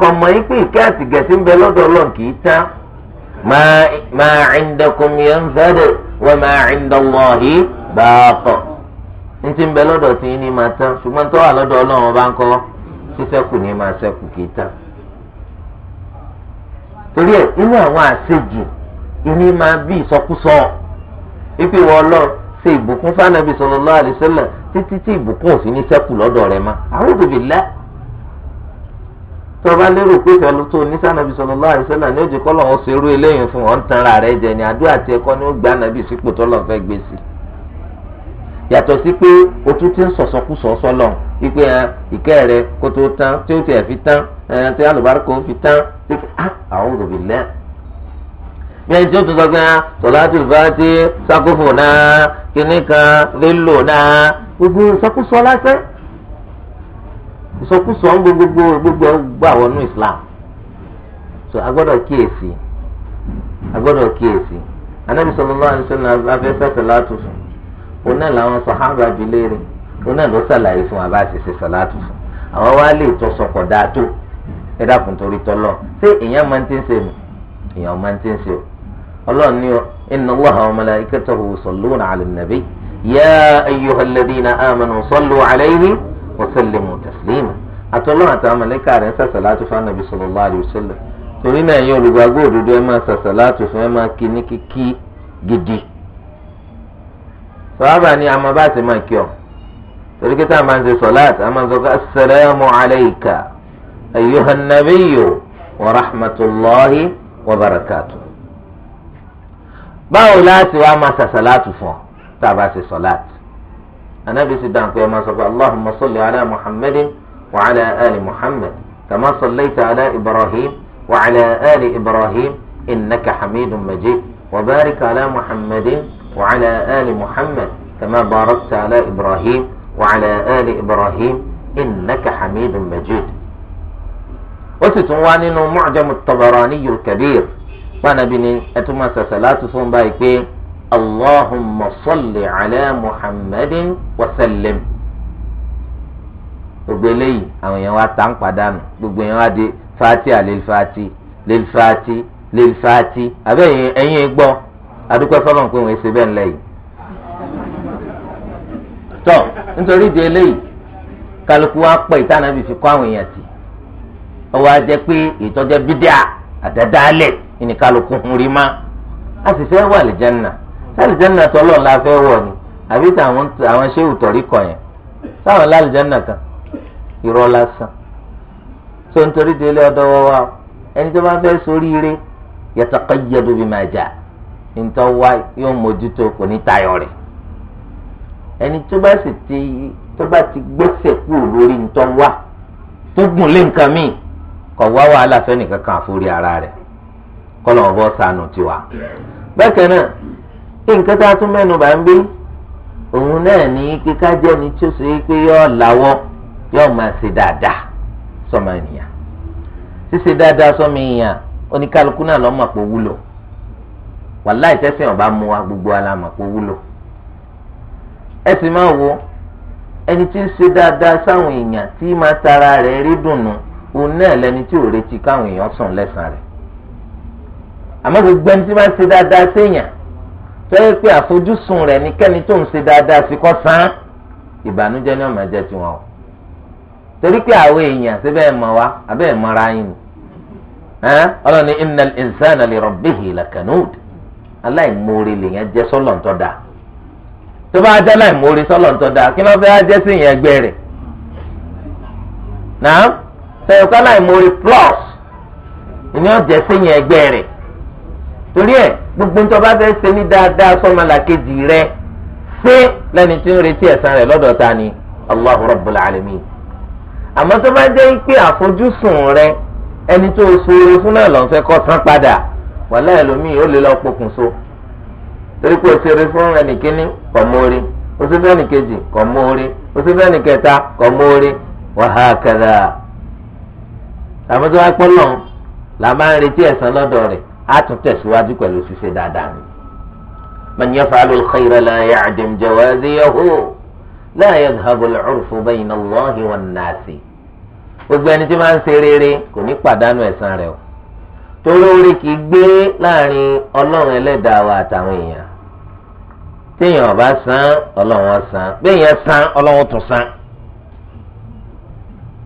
Speaker 1: kọ̀mọ̀ pé ìkẹ́ àti gẹ̀ẹ́sì ń bẹ lọ́dọ̀ ọlọ́run kì í tán ma indakum yanfadu wa ma inda Allahi baqi ń ti ń bẹ lọ́dọ̀ tí ní máa tán ṣùgbọ́n tó wà lọ́dọ̀ ọlọ́run ọba ń kọ́ sísẹ́kù ní máa sẹ́kù kì í tán torí ìní máa bí ìsọkúsọ ipe wọ ọlọ́run ṣe ìbùkún fánàbí sallallahu alaihi wasallam títí tí ìbùkún ò sí ní sẹ́kù lọ́dọ̀ rẹ̀ mọ́ a'udhu billah tọba lérò pé pẹ̀lú tó onísànàbí sallallahu alaihi wasallam ní òjì kọ́lọ̀ wọn ṣerú eléyìí fún wọn ń tanra rẹ̀ jẹ ní àdúrà tí ẹ̀kọ́ ni ó gbà nàbí sípò tọ́lọ̀ fẹ́ gbé sí yàtọ̀ sí pé o tún ti ń sọ̀sọ̀kúsọ̀ sọ́lọ̀ wípé ìkẹ́ rẹ kó tó tán tí ó ti ẹ̀ fi tán tí alùbáríkò fi tán tí ah a'udhu billah ní ẹni tí ó tún sọ pé sọláàtì fàtì sakófò náà kínní kan lélo náà gbogbo gbogbo gbogbo gbà wọnú Islam so kíyèsí kíyèsí anabi fún náà làwọn náà ló sàlàyé fún wa bá a ti ṣe fún àwọn wa lè dáa tó ẹ dákun torí tọlọ ṣé máa ń ń ṣe الله أن إن الله وملائكته يصلون على النبي يا أيها الذين آمنوا صلوا عليه وسلموا تسليما أتولى أنت عملك على صلاه على النبي صلى الله عليه وسلم تولينا أيها الغاقود دي ما صلاة فما كنك كي جدي صحابة أني أما بات ما كيو تولي كتا ما أنت صلاة أما زوك السلام عليك أيها النبي ورحمة الله وبركاته báwo láti wá máa sàṣàlátù fún ọ tá a bá ṣe sọláàtì anabi sì dáhùn pé ẹ máa sọ pé allahumma salli ala muhammadin wa ala ali muhammad kama sallaita ala ibrahim wa ala ali ibrahim innaka hamidun majid wa barik ala muhammadin wa ala ali muhammad kama barakta ala ibrahim wa ala ali ibrahim innaka hamidun majid ó sì tún wá nínú mu'jam at-tabarani al-kabir pànàbí ni ẹ tún máa ṣàṣà láti fún báyìí pé allahumma salli ala muhammadin wa sallim gbogbo eléyìí àwọn èèyàn wa tà ń padànù gbogbo èèyàn wa di fati alilfati lilfati lilfati abẹ́yìn ẹ̀yìn gbọ́ adúpẹ́ fọlọ́n pé wọ́n ṣe bẹ́ẹ̀ ńlẹ̀ yìí. tọ́ nítorí di eléyìí kálukú wa pọ̀ ìtànàbì fi kọ́ àwọn èèyàn tì ọwọ́ ajẹ́ pé ìtọ́jẹ́ bídíà àdádálẹ̀ ìníkàlùkù ń rí má a sì fẹ́ wà àlìjánà sálìjánà tọ́lọ̀ la fẹ́ wọ̀ ni àbí táwọn ṣéwù tọ̀rí kọ̀ yẹn táwọn lálìjánà kan irọ́ lásán tó ń torí délé ọ̀dọ̀ wọ́n wá ẹni tó bá fẹ́ soríire yataqayyadu bima jaa ntọ́ wá yóò mójútó kò ní tayọ rẹ̀ ẹni tó bá sì ti tó bá ti gbẹ́sẹ̀ kúrò lórí ntọ́ wá tó gùn lé nǹkan míì kọ̀ wá wàhálà fẹ́ nìkan kan àforí ara rẹ̀. kọlọ ọ̀bọ sànù tiwa. bákan náà nǹkan tá a tún mẹ́nu bá ń bí òun náà ní kíká tí ó sọ pé yọ làwọ́ yọ máa ṣe dáadáa sọmọ ènìyàn ṣíṣe dáadáa sọmọ oníkálukú náà pé wúlò wàláì ọba mu wa gbogbo pé wúlò ẹ sì máa wo ẹni tí ń ṣe dáadáa sáwọn èèyàn tí máa tara rẹ̀ rí dùnú òun náà lẹni tí ò retí káwọn èèyàn sàn àmọ́ gbogbo ẹni tí wọ́n ń ṣe dáadáa séèyàn tó yẹ pé àfojúsùn rẹ̀ ní kẹ́ni tó ń ṣe dáadáa sí kọ́ san án ìbànújẹ́ ni ọmọ ẹ̀jẹ̀ tiwọn o torí pé àwọn èèyàn ṣe bẹ́ẹ̀ mọ̀ wá abẹ́ ẹ̀ mọ̀ra yín ni ọlọ́ni innal insana li rabbihi lakanud aláìmoore lèèyàn jẹ́ sọ́lọ̀ ń tọ́ da tó bá jẹ́ aláìmoore sọ́lọ̀ ń tọ́ kí ló fẹ́ jẹ́ sí ẹgbẹ́ rẹ̀ náà sẹ́yìn kọ́ aláìmoore plus ìní ọ̀jẹ̀ sí ẹgbẹ́ rẹ̀ torí ẹ gbogbo ń tọ́ba fẹ́ ṣe ní dáadáa sọ́mọlàkejì rẹ ṣé lẹ́ni tí ń retí ẹ̀san rẹ̀ lọ́dọ̀ ta ni Allahu Rabbul Alamin àmọ́ tó bá jẹ́ pé àfojúsùn rẹ ẹni tó ṣoore fún náà lọ́n fẹ́ kọ́ san padà wàhálà ẹlòmíì ó lè lọ pokùn so torí pé o ṣoore fún ẹnìkíní kò mórí o ṣe fẹ́ ẹnìkejì kò mórí o ṣe fẹ́ ẹnìkẹta kò mórí wàhálà kẹlẹ́ àmọ́ tó bá pọ́ lọ́n làá máa ń retí ẹ̀san lọ́dọ̀ rẹ̀ á tún tẹ̀síwájú pẹ̀lú ṣíṣe dáadáa ni. man yaf'alu al-khayra la ya'dam jawaziyahu la yadhhabu al-'urfu bayna Allahi wan-nasi. gbogbo ẹni tí máa ń ṣe rere kò ní pàdánù ẹ̀san rẹ̀ o. torí orí kì í gbé láàrin ọlọ́run ẹlẹ́dàá wa àtàwọn èèyàn. téèyàn bá san ọlọ́run san béèyàn san ọlọ́run tún san.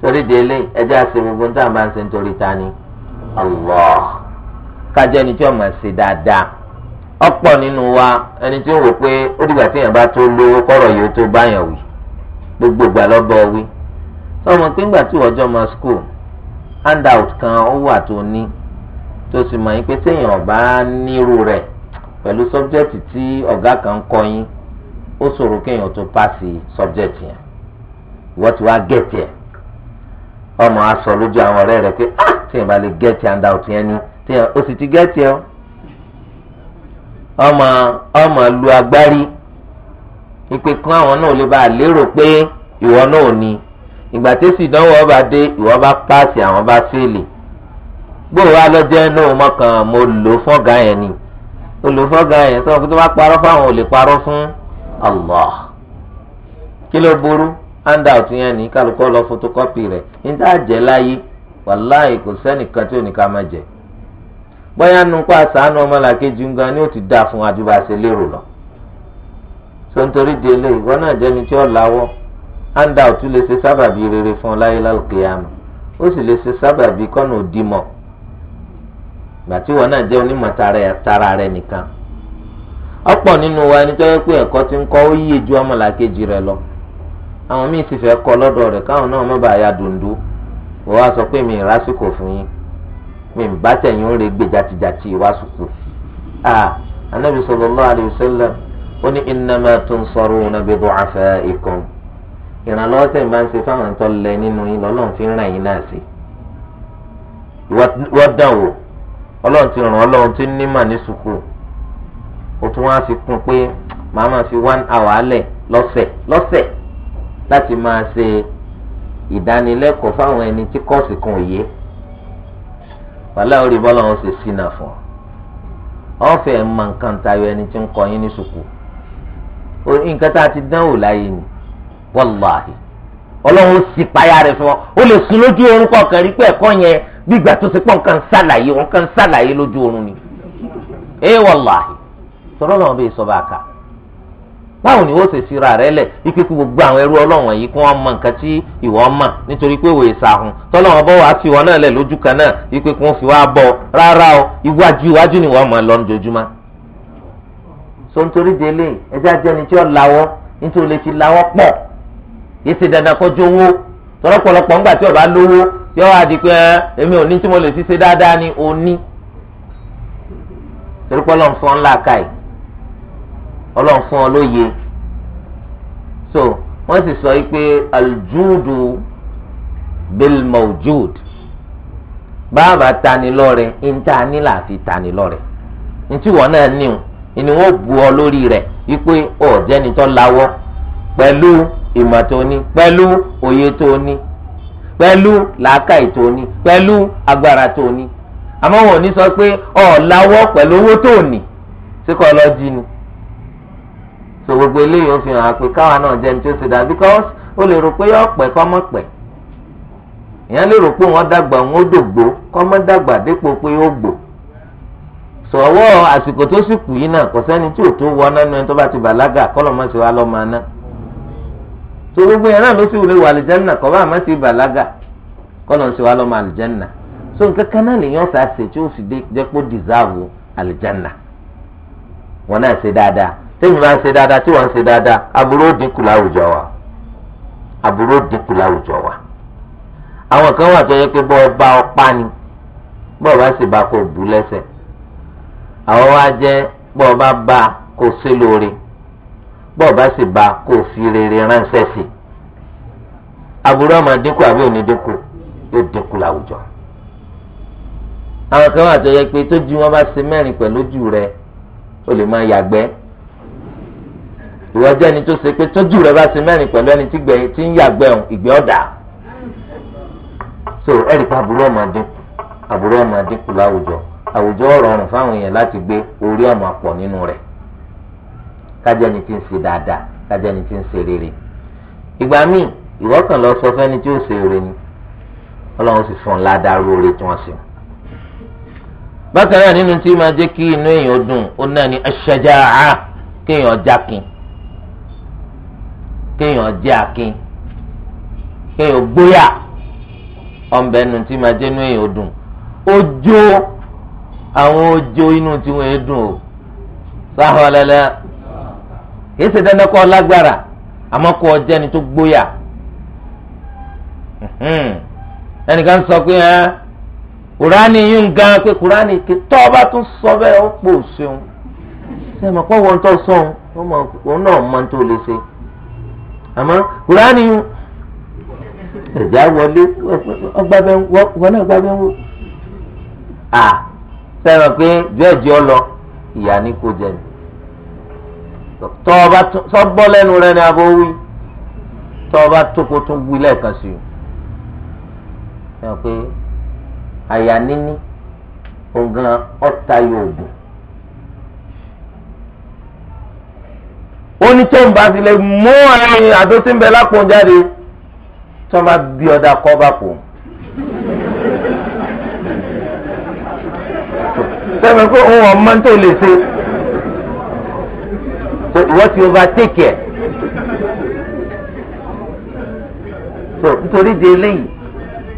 Speaker 1: torí délé ẹjẹ́ àṣẹ gbogbo ní táwọn bá ń ṣe nítorí ta ni Allah kájọ ẹni tí ó máa ṣe dáadáa ọ̀pọ̀ nínú wa ẹni tí ó rò pé ó dìgbà tí èèyàn bá tó lówó kọ́rọ̀ yìí ó tó báyàn wí gbogbo ìgbà lọ́bọ̀ wí sọmọ pé ńgbà tí ìwọ́jọ́ máa school handout kan ó wà tó ní tó sì mọ̀ yín pé téèyàn bá nírú rẹ̀ pẹ̀lú sọ́bjẹ́tì tí ọ̀gá kan ń kọ́ yín ó ṣòro kéèyàn tó pàṣẹ sọ́bjẹ́tì yẹn ìwọ́n ti wá gẹ̀ẹ́tì ẹ̀ ọmọ asọ lójú àwọn ọ̀rẹ́ rẹ̀ pé ah! téèyàn bá lè gẹ̀ẹ́tì handout yẹn ní tiẹ̀ o sì ti gẹ́tì ẹ ọmọ ọmọ lu agbárí ìpè kan àwọn náà lè bá a lérò pé ìwọ náà ò ní ìgbà tí èsì ìdánwò ọba dé ìwọ bá páàsì àwọn bá fèlè gbòòrò alọ́jẹ́ náà mọ̀kàn mo lò fọ́gà yẹn ni olùfọ́gà yẹn sọ fún tó bá parọ́ fáwọn ò lè parọ́ fún Allah kí ló burú handout yẹn ní kálukọ́ lọ fotokọ́pì rẹ̀ níta jẹ́ láyé wàláhì kò sẹ́nìkan tí ò ní ká má jẹ́ bóyá nu kó àṣàánú ọmọlàkejì ń gan ni ó ti dáa fún wa lérò lọ. sọ nítorí di eléyìí wọn náà jẹ́ni tí ó láwọ́ tún lè ṣe rere fún ọ lálùkè mọ ó sì lè ṣe sábàbí kọ́nà òdìmọ̀ gbàtí wọn náà jẹ́ onímọ̀ tara nìkan. ọ̀pọ̀ nínú wa ẹni tó yẹ pé ẹ̀kọ́ ti ń kọ́ ó yíye lọ àwọn míì sì fẹ́ kọ́ lọ́dọ̀ rẹ̀ káwọn náà ìbá tẹ̀yìn ó lè gbé jatijati wá sùkú. anabi sallallahu alayhi wa sallam ó ní innama tunsaruna bi du'afaikum ìrànlọ́wọ́ tẹ̀ máa ń ṣe fáwọn tó lẹ nínú yín lọ́lọ́run fi ń ràn yín náà sí. wọ́n dàn wò ọlọ́run ti ràn ọlọ́run ti nímà ní sùkú ó tún wá fi kún pé màá máa fi one hour lẹ̀ lọ́sẹ̀ lọ́sẹ̀ láti máa ṣe ìdánilẹ́kọ̀ọ́ fáwọn ẹni tí kọ́ọ̀sì kan ò wàhálà orí bọ́lá wọn ṣe sínà fún ọ wọn fẹ́ mọ nǹkan tayọ ẹni tí ń kọ yín ní sùkú nǹkan tá a ti dánwò láyé ni wàláhì ọlọ́run ó sì payá rẹ̀ fún ọ ó lè sun lójú orun kọ̀ọ̀kan rí pé ẹ̀kọ́ yẹn gbígbà tó ti pọ̀ nǹkan ṣàlàyé nǹkan ṣàlàyé lójú orun ni ẹ wàláhì sọ̀rọ̀ lọ́wọ́ bẹ́ẹ̀ sọ báwo ni wọ́n ṣe ti ra rẹ lẹ̀ ike kí gbogbo àwọn ẹrú ọlọ́wọ̀n yìí kí wọ́n mọ nǹkan tí ìwọ mọ̀ nítorí pé òye sàhùn tọ́lọ́wọ́n bọ́ wàá fi ìwọ náà lẹ̀ lójú kan náà ike kí wọ́n fi wá bọ̀ rárá o iwájú iwájú ni wọ́n mọ̀ lọ́nà jojúmọ́. so nítorí délé ẹja jẹni tí ó lawọ́ nítorí lè fi lawọ́ pọ̀ yìí ṣe dandan kọjú owó tọ́lọ́pọ̀lọpọ̀ ńgbà tí ọba lówó yọ wá di pé èmi ò ní tí mo lè fi ṣe ni òní torí pọ́lọ́ ń fọ́n ńlá káyìí ọlọ́run fún ọ lóye so wọ́n sì sọ pé aljudu bil mawjud bàbá tanilọ́rẹ níta ní láti tanilọ́rẹ ntí wọn náà ní o ni wọn bu ọ lórí rẹ wípé ọ̀jẹ́ni tó lawọ́ pẹ̀lú ìmọ̀ tó ní pẹ̀lú òye tó ní pẹ̀lú làákàyè tó ní pẹ̀lú agbára tó ní àmọ́ wọn ò ní sọ pé ọ̀ lawọ́ pẹ̀lú owó tó ní síkọ́ lọ́jí ni. So, so gbogbo eléyìí ó fi hàn pé káwa náà jẹ́ ní tí ó ṣe dá because ó lè rò pé yọ pẹ́ kọ́mọ́ pẹ́ èèyàn lè rò pé wọ́n dàgbà wọn ó dògbò kọ́mọ́ dàgbà dépò pé ó gbò sọ̀wọ́ àsìkò tó sì kù yìí náà kò sẹ́ni tí ò tó wọ nánú ẹni tó bá ti bàlágà kọ́lọ̀ mọ́ sí wa lọ́ máa ná so gbogbo yẹn náà ló sì wúlé wà àlìjẹ́nà kọ́ bá àmọ́ sí bàlágà kọ́lọ̀ sí wa lọ́ máa àlìjẹ́nà so nǹkan kan náà lèèyàn sàṣe tí ó sì jẹ́ pé ó dìsáàbù àlìjẹ́nà wọn náà ṣe dáadáa tẹ́mi bá ń ṣe dáadáa tí wọ́n ń ṣe dáadáa aburú ó dínkù láwùjọ wa aburú ó dínkù láwùjọ wa àwọn kan wà tó yẹ pé bọ́ọ̀ bá ọ pa ni bọ́ọ̀ bá sì bá kó bú lẹ́sẹ̀ àwọn wa jẹ́ bọ́ọ̀ bá bá kó sí lóore bọ́ọ̀ bá sì bá kó fi rere ránṣẹ́ sí aburú ọmọ dínkù àbí òní dínkù yóò dínkù láwùjọ àwọn kan wà tó yẹ pé tó ju wọn bá ṣe mẹ́rin pẹ̀lú jù rẹ o lè máa yàgbẹ́ ìwọ jẹ́ ẹni tó ṣe pé tójú rẹ bá ṣe mẹ́rin pẹ̀lú ẹni tí ń yàgbẹ́ ọ̀hún ìgbẹ́ ọ̀dà so ẹ̀rí pa àbúrò ọmọ dínkù àbúrò ọmọ dínkù láwùjọ àwùjọ rọrùn fáwọn èèyàn láti gbé orí ọmọ pọ̀ nínú rẹ̀ kájẹ́ ni ti ń ṣe dáadáa kájẹ́ ni ti ń ṣe rere ìgbà míì ìwọ kàn lọ sọ fẹ́ni tí ó ṣe rere ni ọlọ́run sì fún un ládàárú rere tí wọ́n ṣe bákan náà nínú tí máa jẹ́ kí inú èèyàn dùn ó náà ní aṣájáà kéèyàn jákin kéèyàn jẹ́ akin kéèyàn gbóyà ọ̀nbẹ nu tí máa jẹ́nu èèyàn dùn ojó àwọn ojó inú tí wọ́n dùn o sáwọn ọlẹ́lẹ́ kìí ṣe dandan kọ́ lágbára àmọ́ kọ́ ọjẹ́ ni tó gbóyà ẹnìkan sọ pé ẹ́ kùránì yín gan pé kùránì kí tọ́ ọ bá tún sọ bẹ́ẹ̀ ó pò ṣeun ṣe é mọ̀ pé wọ́n ń tọ́ sọ́hun wọ́n náà mọ̀ tó lè ṣe àmọ́ kúránì ẹ̀já wọlé ọgbàbẹ wọn náà gbàbẹ wọn. à sẹ́wọ̀n pé jẹ́ẹ̀jì ọ lọ ìyá ni kò jẹ ní. tọ́ ọba tọ́ gbọ́ lẹ́nu rẹ ni abo wí tọ́ ọba tó kó tún wí lẹ́ẹ̀kan sí i. sẹ́wọ̀n pé àyà níní ògùn ọ̀tá yóò gùn. ó ní tó ń bá tilẹ̀ mú ẹyin àdó tí ń bẹ lápò jáde tó máa bí ọ̀dà kọ́ bá pò. sẹ́mi pé òun ọmọ tó lè ṣe ìwọ ti overtake ẹ̀. so nítorí di eléyìí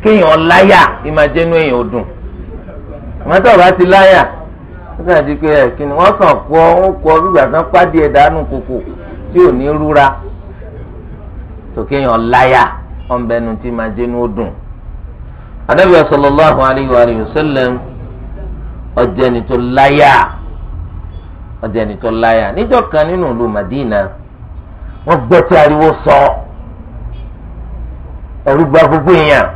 Speaker 1: kéèyàn láyà ìmàjẹ́nu èèyàn ò dùn àmọ́ tó o bá ti láyà. nígbà tí pé ẹ ni wọ́n kàn kọ́ wọ́n kọ́ kan pàdé kòkò tí ò ní rúra láyà tí jẹ́ ó dùn. ọ̀jẹ̀ni tó láyà ọ̀jẹ̀ni tó láyà níjọ́ kan nínú ìlú Madina sọ gba gbogbo èèyàn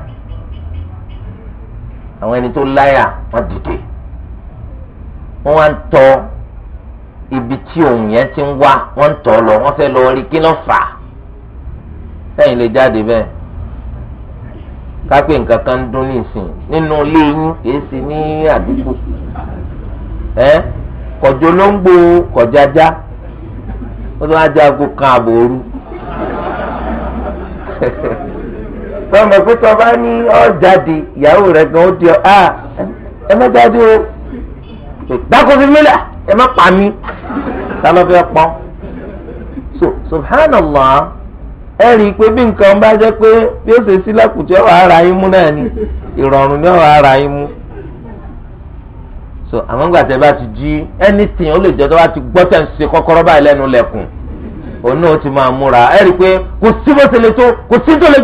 Speaker 1: àwọn ẹni tó láyà wọ́n dìde. wọn wá ń tọ ibi tí ohun yẹn ti ń wá wọn ń lọ wọn fẹ lọ rí kí ló fà á lè jáde bẹ́ẹ̀ kápẹ́ nǹkan kan ń dún nísìn nínú ilé yín kìí sí ní àdúgbò ẹ kọjọ ló ń gbó kọjájá ó kan pé tọ́ bá ní ọ́ jáde ìyàwó rẹ̀ gan so dákò fi mílẹ̀ ẹ má pa mí lálọ́ fẹ́ pọ́n so subhanallah ẹ rí i pé bí nǹkan bá jẹ́ pé bí ó ṣe sí lákùtì ọ̀rọ̀ ara yín mú náà ni ìrọ̀rùn ara yín mú so àwọn ìgbà tẹ́ bá ti jí anything ó lè jẹ́ tó bá ti gbọ́ tẹ̀ ń ṣe kọ́kọ́rọ́ báyìí lẹ́nu lẹ́kùn òun náà ti máa múra ẹ rí i pé kò sí bó ṣe lè tó kò sí tó lè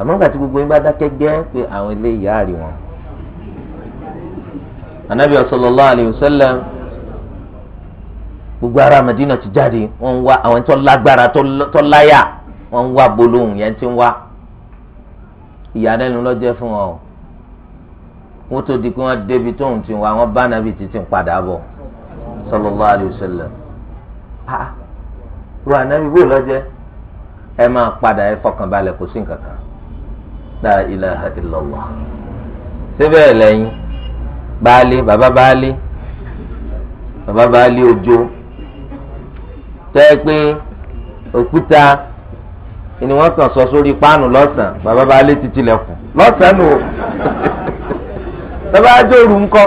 Speaker 1: àmọ́ nígbà tí gbogbo yín bá dákẹ́ gẹ́ pé àwọn eléyìí á rí wọn. anabi sallallahu alayhi wa sallam gbogbo ará Madina ti jáde wọ́n ń wá àwọn tó lágbára tó láyà wọ́n ń wá gbólóhùn yẹn ti ń wá ìyàlẹ́nu lọ́jẹ́ fún wọn o wọ́n tó di pé wọ́n débi tóun ti wá wọ́n bá nàbì títí padà bọ̀ sallallahu alayhi wa ah, ru anabi bó lọ́jẹ́ ẹ máa padà ẹ fọkànbalẹ̀ kò sí nǹkan kan la ilaha illallah síbẹ̀ lẹ́yìn baálé bàbá baálé bàbá baálé ọjọ́ tẹ́ pé òkúta ni wọ́n kàn sọ sórí páànù lọ́sàn-án bàbá baálé ti tilẹ̀kùn lọ́sàn-án nù bàbá adóoru ńkọ́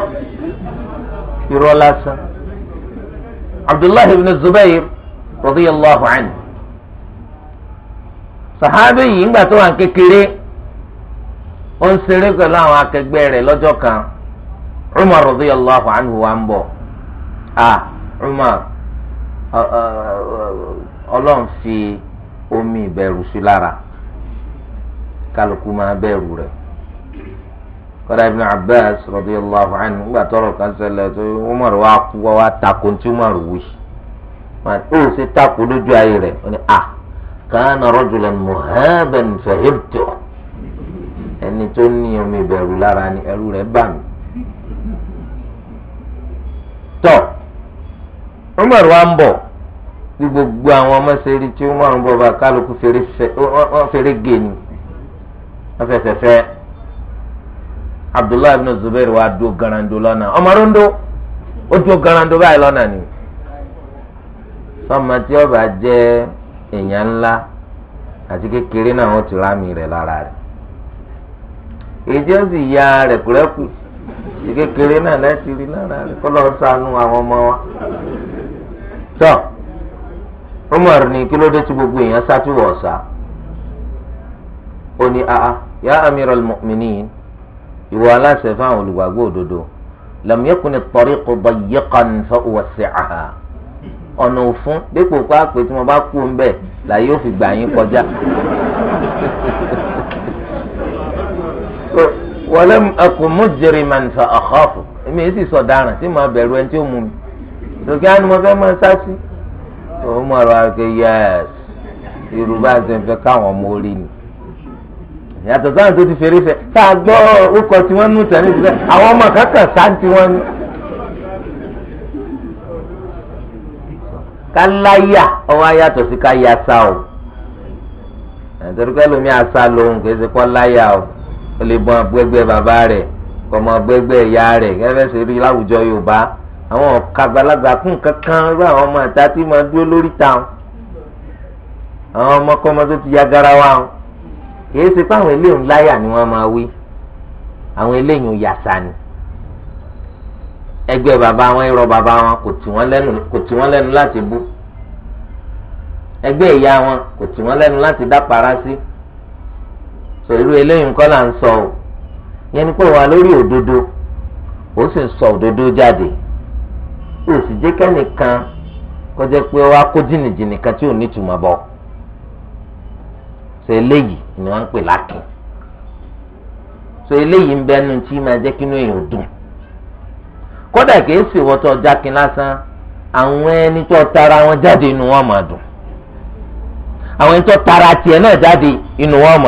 Speaker 1: irọ́ lásán abdullahi ibn zubair radiyallahu anhu sahabi yìí ńgbà tó wà kékeré. ó ń ṣeré pẹ̀lú àwọn akẹgbẹ́ rẹ̀ lọ́jọ́ kan Umar radiyallahu anhu wa ń bọ̀ ah Umar ọlọ́run fi omi ìbẹ̀rù sí lára kálukú máa bẹ̀rù rẹ̀ kọ́dà radiyallahu anhu nígbà tọrọ kan tó Umar wa kú wa tí Umar ṣe lójú ayé rẹ̀ muhaban fahimtu. ẹni tó ní omi ìbẹ̀rù lára ni ẹrú rẹ̀ bà mí. tọ́ Umar wa ń bọ̀ bí gbogbo àwọn ọmọ ṣe tí Umar ń bọ̀ bá kálukú fèrè gé ni wọ́n fẹsẹ̀ fẹ́ Abdullahi ibn Zubair wa dúró garando lọ́nà ọmọ rondo ó garando báyìí ni ọba èèyàn ńlá àti kékeré náà èjì ó sì ya rẹ̀kúrẹ́kù kékeré náà láti rí náà kọ́ lọ́ọ́ sànú àwọn ọmọ wa. tọ́ Umar ní kí ló dé tí gbogbo èèyàn sátúwọ̀ ọ̀sà ó ní aa ya amiral mu'minin ìwọ aláṣẹ fáwọn olùgbàgbọ́ òdodo lam yakun at-tariqu dayyiqan fa uwassi'aha ọ̀nà òfun dípò pápẹ́ tí wọ́n bá kú ń bẹ̀ láyé ó fi gbà yín kọjá pé wọlé akùnmú jèrè mànfà àkọ́fù èmi èsì sọ̀daràn tí màá bẹ̀rù ẹni tí ó mú mi tòkí á ní mo fẹ́ máa sá sí òun mọ̀ ọ́ àti yẹ́s irú bá ń sẹ́ńfẹ́ káwọn ọmọ orí ni yàtọ̀ sáà tó ti fèrè fẹ́ tá a gbọ́ orúkọ tí wọ́n nù tẹ̀lé ti fẹ́ àwọn ọmọ kankan sáǹtì wọn ni. káláyà ọwọ́ ayàtọ̀ sí káyà sá o ẹ̀ńtọ́rí pẹ́ àṣà lòun kì í ṣe kọ́ láyà o ó lè bọ abẹ́gbẹ́ bàbá rẹ̀ kọmọ abẹ́gbẹ́ ìyá rẹ̀ gẹ́gẹ́ sì rí láwùjọ yorùbá àwọn ọ̀ka àgbàlagbà kún kankan rú àwọn ọmọ ìta tí máa dúró lórí ta wọn àwọn ọmọkọ́mọ tó ti ya garawa wọn kì í ṣe pé àwọn eléyìí láyà ni wọ́n máa wí àwọn eléyìí yàtà ni ẹgbẹ́ bàbá wọn irọ́ bàbá wọn kò tì wọ́n lẹ́nu láti bú ẹgbẹ́ ìyá wọn kò tì wọ́n lẹ́nu láti dápara sí. Si pẹ̀lú eléyìí nǹkan là ń o yẹn ni pé wà lórí òdodo ó sì ń sọ òdodo jáde ó sì jẹ́ kẹ́nìkan kọjá pé wàá kó jìnnìjìnnì kan tí ò ní ìtumọ̀ bọ̀ so eléyìí ni wọ́n ń pè so eléyìí ń bẹnu tí máa jẹ́ kínú èèyàn dùn kódà kìí sì wọ́tọ̀ jákin lásán àwọn tara wọn jáde inú wọn máa dùn àwọn tara tiẹ̀ náà jáde inú wọn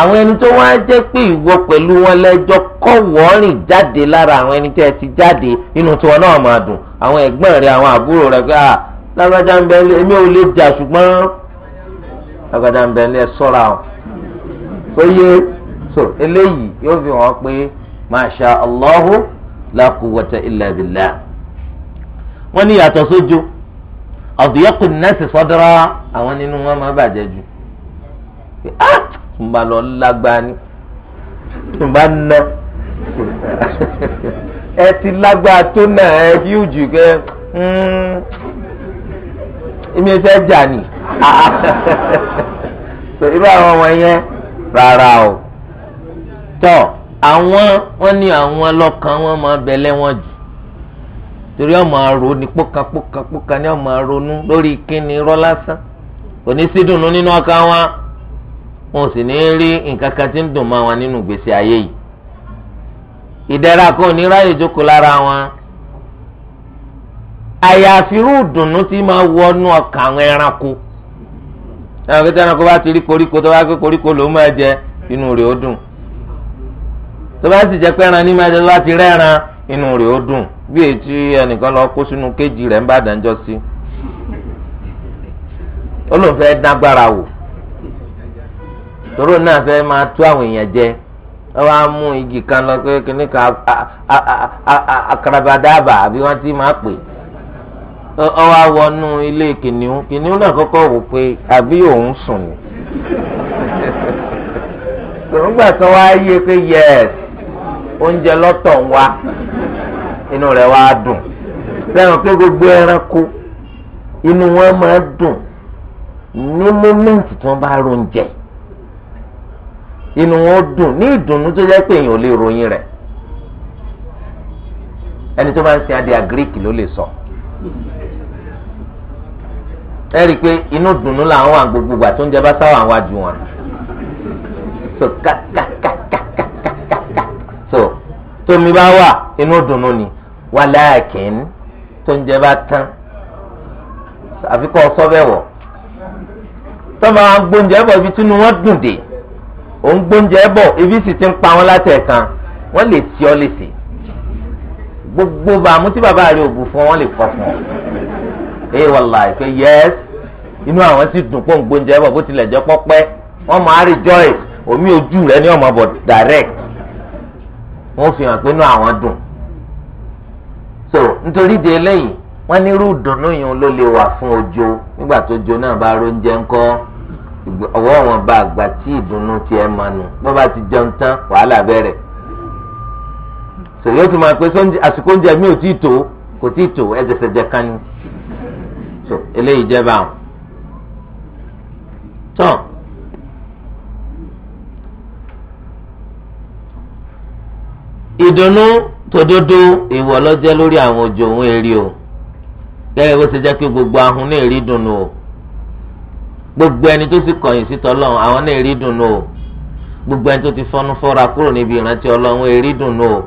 Speaker 1: àwọn ẹni tó wá jẹ́ pé ìwọ pẹ̀lú wọn lẹ́jọ́ kọ́ wọ́ọ̀rìn jáde lára àwọn ẹni tẹ́ ẹ ti jáde inú tiwọn náà máa dùn àwọn ẹ̀gbọ́n rẹ àwọn àbúrò rẹ pé lágbájá ń bẹ ní èmi ò jà ṣùgbọ́n lágbájá ń o ó so eléyìí yóò fi hàn pé masha allahu wọ́n ní yàtọ̀ sójú ọ̀dùyẹ́kùn nẹ́ẹ̀sì sọ́dọ́rọ́ àwọn nínú wọn máa mo bá lọ lágbára ni mo bá ná ẹ ti lágbára tó náà ẹ fi ó jù kẹ èmi fẹ́ jà ni irú àwọn ọmọ yẹn rárá o tọ́ àwọn wọn ní àwọn lọ́kàn wọn máa bẹ̀lẹ́ wọn jù torí ọmọ àrò ní pókapókapóka ní ọmọ àrònú lórí kíni irọ́ lásán kò ní sídùnnú nínú ọkàn wọn wọn sì ní rí nǹkan kan tí ń dùn mọ́ wọn nínú gbèsè ayé yìí ní ráyè lára wọn àyàfi irú tí máa wọnú ọkàn àwọn ẹranko ẹranko tí ẹranko bá ti rí koríko tó bá gbé koríko ló máa jẹ inú rẹ̀ ó dùn tó bá sì jẹ pé ẹran ní máa ti rẹ́ran inú ó dùn bí ẹnìkan lọ kó sínú kéjì rẹ̀ ń bá dánjọ́ sí tòró náà fẹ́ máa tú àwọn èèyàn jẹ wọ́n mú igi kan lọ pé kíní akarabadaba àbí wọn ti máa pè ọ wá wọnú ilé kìnìún kìnìún náà kọ́kọ́ wò pé àbí òun sùn ni tòǹgbà tó wá yé pé yẹs oúnjẹ lọ́tọ̀ ń wá inú rẹ̀ wá dùn gbogbo ẹranko inú wọn máa dùn ní mọ́mẹ́ǹtì tí wọ́n bá ronú inú wọn dùn ní ìdùnnú tó jẹ́ pé èèyàn ò lè ròyìn rẹ̀ ẹni tó bá ń sin adìẹ greek ló lè sọ ẹ rí i pé inú dùnnú làwọn wà gbogbo ìgbà tó ń jẹ bá sáwà wá ju wọn so kàkàkàkàkàkà so tómi bá wà inú dùnnú ni wàláàkín tó ń jẹ bá tán àfikún ọsọ bẹ wọ tọ́ máa gbóúnjẹ bọ̀ ibi tí inú wọn dùn dé òun gbóúnjẹ bọ̀ ibi sì ti ń pa wọn láti ẹ̀kan wọ́n lè tí ọ lèsè gbogbo bàmú tí bàbá rẹ̀ ò bù fún wọn lè kọ́ fún ọ. ee wàllá ìfẹ́ yẹ́s inú àwọn ti dùn pọ̀ ń gbóúnjẹ bọ̀ bó tilẹ̀ jẹ́ pọ́pẹ́ wọ́n máa rí jọ́ì omi ojú rẹ̀ ní ọmọ bọ̀ direct wọ́n fi hàn pé inú àwọn dùn. so nítorí di eléyìí wọ́n ní irú ìdùnnú yìí ló lè wà fún ọjọ́ nígbà tó ọjọ́ náà bá róúnjẹ ńkọ́ ọwọ́ wọn bá àgbà tí ìdùnnú tiẹ̀ máa nù wọ́n bá ti jẹun tán wàhálà bẹ̀rẹ̀ sòyó tó máa pé àsìkò oúnjẹ mi ò tí ì tó kò tí ì tó ẹ̀jẹ̀sẹ̀jẹ̀ kan ni so eléyìí jẹ́ báwọn. tán ìdùnnú tòdodo ìwọ ló jẹ́ lórí àwọn òjò òun èrè o gẹ́gẹ́ bó ṣe jẹ́ pé gbogbo ahun náà rí dùnnú o gbogbo ẹni tó ti kọ̀yìn sí tọ́lọ́run àwọn náà èrí dùn nù o gbogbo ẹni tó ti fọ́nú fọ́ra kúrò níbi ìrántí ọlọ́run èrí dùn nù o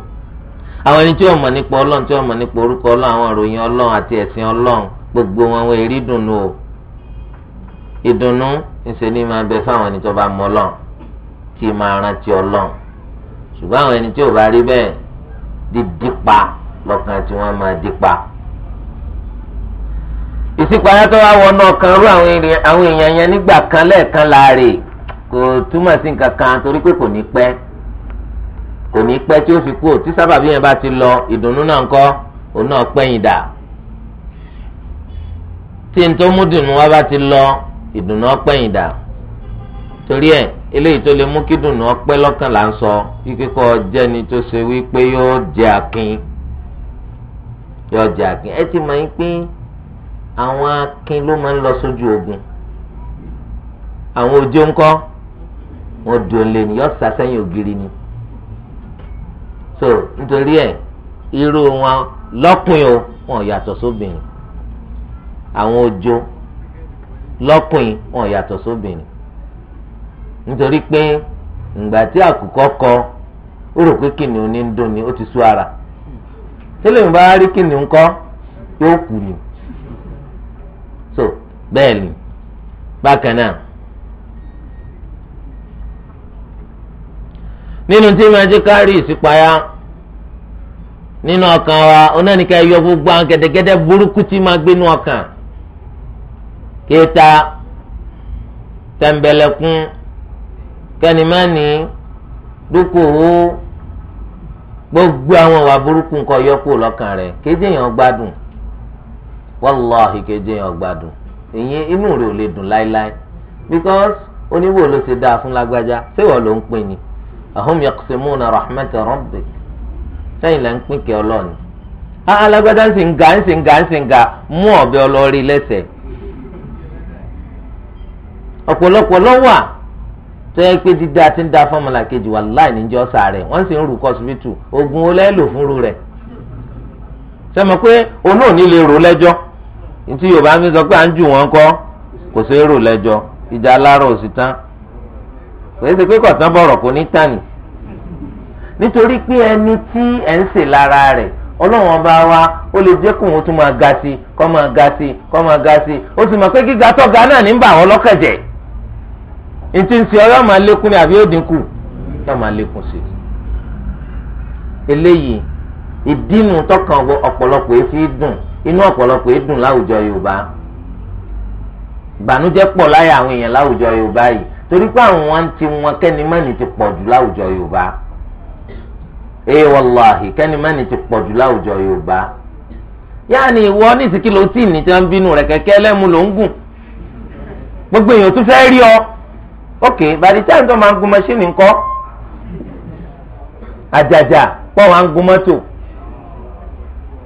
Speaker 1: àwọn ẹni tí wọ́n mọ̀ nípa ọlọ́run tí wọ́n mọ̀ nípa orúkọ ọlọ́run àwọn ìròyìn ọlọ́run àti ẹ̀sìn ọlọ́run gbogbo wọn wọn èrí dùn nù o ìdùnnú ńṣe ní máa bẹ fáwọn ẹni tó bá mọ ọlọ́run tí máa rántí ọlọ́run ṣùgbọ́n àwọn ẹni tí ò bá rí bẹ́ẹ̀ dídípa lọ́kàn tí wọ́n máa dípa ìsìpayà tó wá wọnú ọkàn rú àwọn èèyàn yẹn nígbà kan lẹ́ẹ̀kan láàrè kò túmọ̀ sí nǹkan kan torí pé kò ní pẹ́ kò ní pẹ́ tí ó fi kú tí sábàbí yẹn bá ti lọ ìdùnnú náà ńkọ́ òun náà pẹ́yìn dà tí n tó mú dùnnú wá bá ti lọ ìdùnnú ọpẹ́yìn dà torí ẹ̀ eléyìí tó lè mú kí dùnnú ọpẹ́ lọ́kàn là ń sọ wípé kọ́ jẹ́ni tó ṣe wípé yóò jẹ akin yóò jẹ akin ẹ ti mọ̀ yín pín àwọn akin ló máa ń lọ sójú ogun àwọn òjò ńkọ́ wọn dùn lé ní yọ sàsẹ́yìn ògiri ni so nítorí ẹ̀ irú wọn lọ́kùnrin o wọn yàtọ̀ sóbìnrin àwọn òjò lọ́kùnrin wọn yàtọ̀ sóbìnrin nítorí pé ìgbà tí àkùkọ kọ ó rò pé kìnìún ní ń dùn ni ó ti sú ara tẹ́lẹ̀ ń bá rí kìnìún kọ́ yóò kù ni so bẹ́ẹ̀ ni bákan náà nínú tí màá jẹ́ ká rí ìṣípayá nínú ọkàn wa onáníkà yọ gbogbo àwọn gẹ́dẹ́gẹ́dẹ́ burúkú tí máa gbé nínú ọkàn kéta tẹ̀m̀bẹ̀lẹ̀kún kẹ́nìmánì dúkòwó gbogbo àwọn ìwà burúkú nǹkan yọ kúrò lọ́kàn rẹ̀ kéde èèyàn gbádùn. wàláhì kejì yẹn ìyẹn inú ò lè dùn láéláé because oníwò ló ti dáa fún lágbájá séwọ̀ ló ń pè ní ahum yaqsimuna rahmata rabbik sẹ́yìn là ń pín kẹ́ ọlọ́ọ̀ni alágbádá ń sìn ga ń sìn ga ń sìn ga mú lẹ́sẹ̀ tó sẹ́mi pé òun ò ní lè rò lẹ́jọ́ ntí yorùbá mi sọ pé à ń jù wọ́n kọ́ kò sí rò lẹ́jọ́ ìjà alára ò tán kò sí pé kọ̀tán bọ̀rọ̀ kò ní tàní nítorí pé ẹni tí ẹ̀ ń ṣe lára rẹ̀ ọlọ́run ọba wa ó lè jẹ́ kóun tún máa ga sí kọ́ máa ga sí kọ́ máa ga sí ó sì mọ̀ pé gíga tó náà ní bà wọ́n lọ́kẹ̀jẹ̀ ntí ń ṣe ọ yóò máa lékún ni àbí yóò dínkù yóò máa lékún sí i eléyìí ìdínú tọkàn ọpọlọpọ efi dùn inú ọpọlọpọ èédùn e láwùjọ yorùbá ìbànújẹ́ pọ̀ láyà àwọn èèyàn láwùjọ yorùbá yìí torí pé àwọn ti wọn kẹ́nìmánì ti pọ jù láwùjọ yorùbá ee wàláhì kẹ́nìmánì ti pọ̀ jù láwùjọ yorùbá yáàni ìwọ nísìkí ló tì ní tí wọn bínú rẹ kẹ̀kẹ́ ẹlẹ́mu ló ń gùn gbogbo èèyàn tún fẹ́ rí ọ ok bàdí tí àwọn tó máa ń gun mọ́ṣínì ńkọ́ àjàjà pọ̀ wọn ń gun mọ́tò.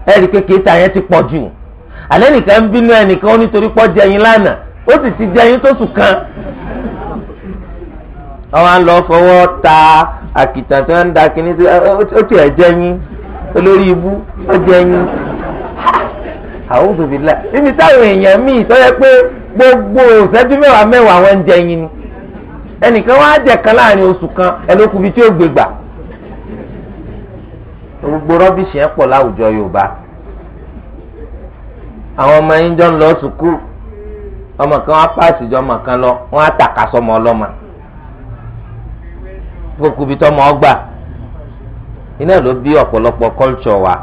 Speaker 1: ẹ rí i pé kéésà yẹn ti pọ̀ jù àlẹ́ nìkan ń bínú ẹnìkan ó nítorí pọ́ jẹyin lánàá ó sì ti jẹyin tó sùn kan àwọn à ń lọ fọwọ́ ta àkìtàn tó ń da kínní sí ó tiẹ̀ jẹyin olórí ibú ó jẹyin àwòsùnbílà níbi táwọn èèyàn míì tó yẹ pé gbogbo ìṣẹ́jú mẹ́wàá mẹ́wàá wọn ń jẹyin ni ẹnìkan wá jẹ kan láàrin oṣù kan ẹ ló kù bí tí ó gbégbà gbogbo rọ́bìṣì yẹn pọ̀ láwùjọ yorùbá àwọn ọmọ yín jọ ń lọ sùkúù ọmọ kan wá páàsì jọ ọmọ kan lọ wọ́n á tàka sọmọ ọlọ́mọ gbogbo ibi tọmọ ọgbà iná ló bí ọ̀pọ̀lọpọ̀ kọ́ltsọ̀ wa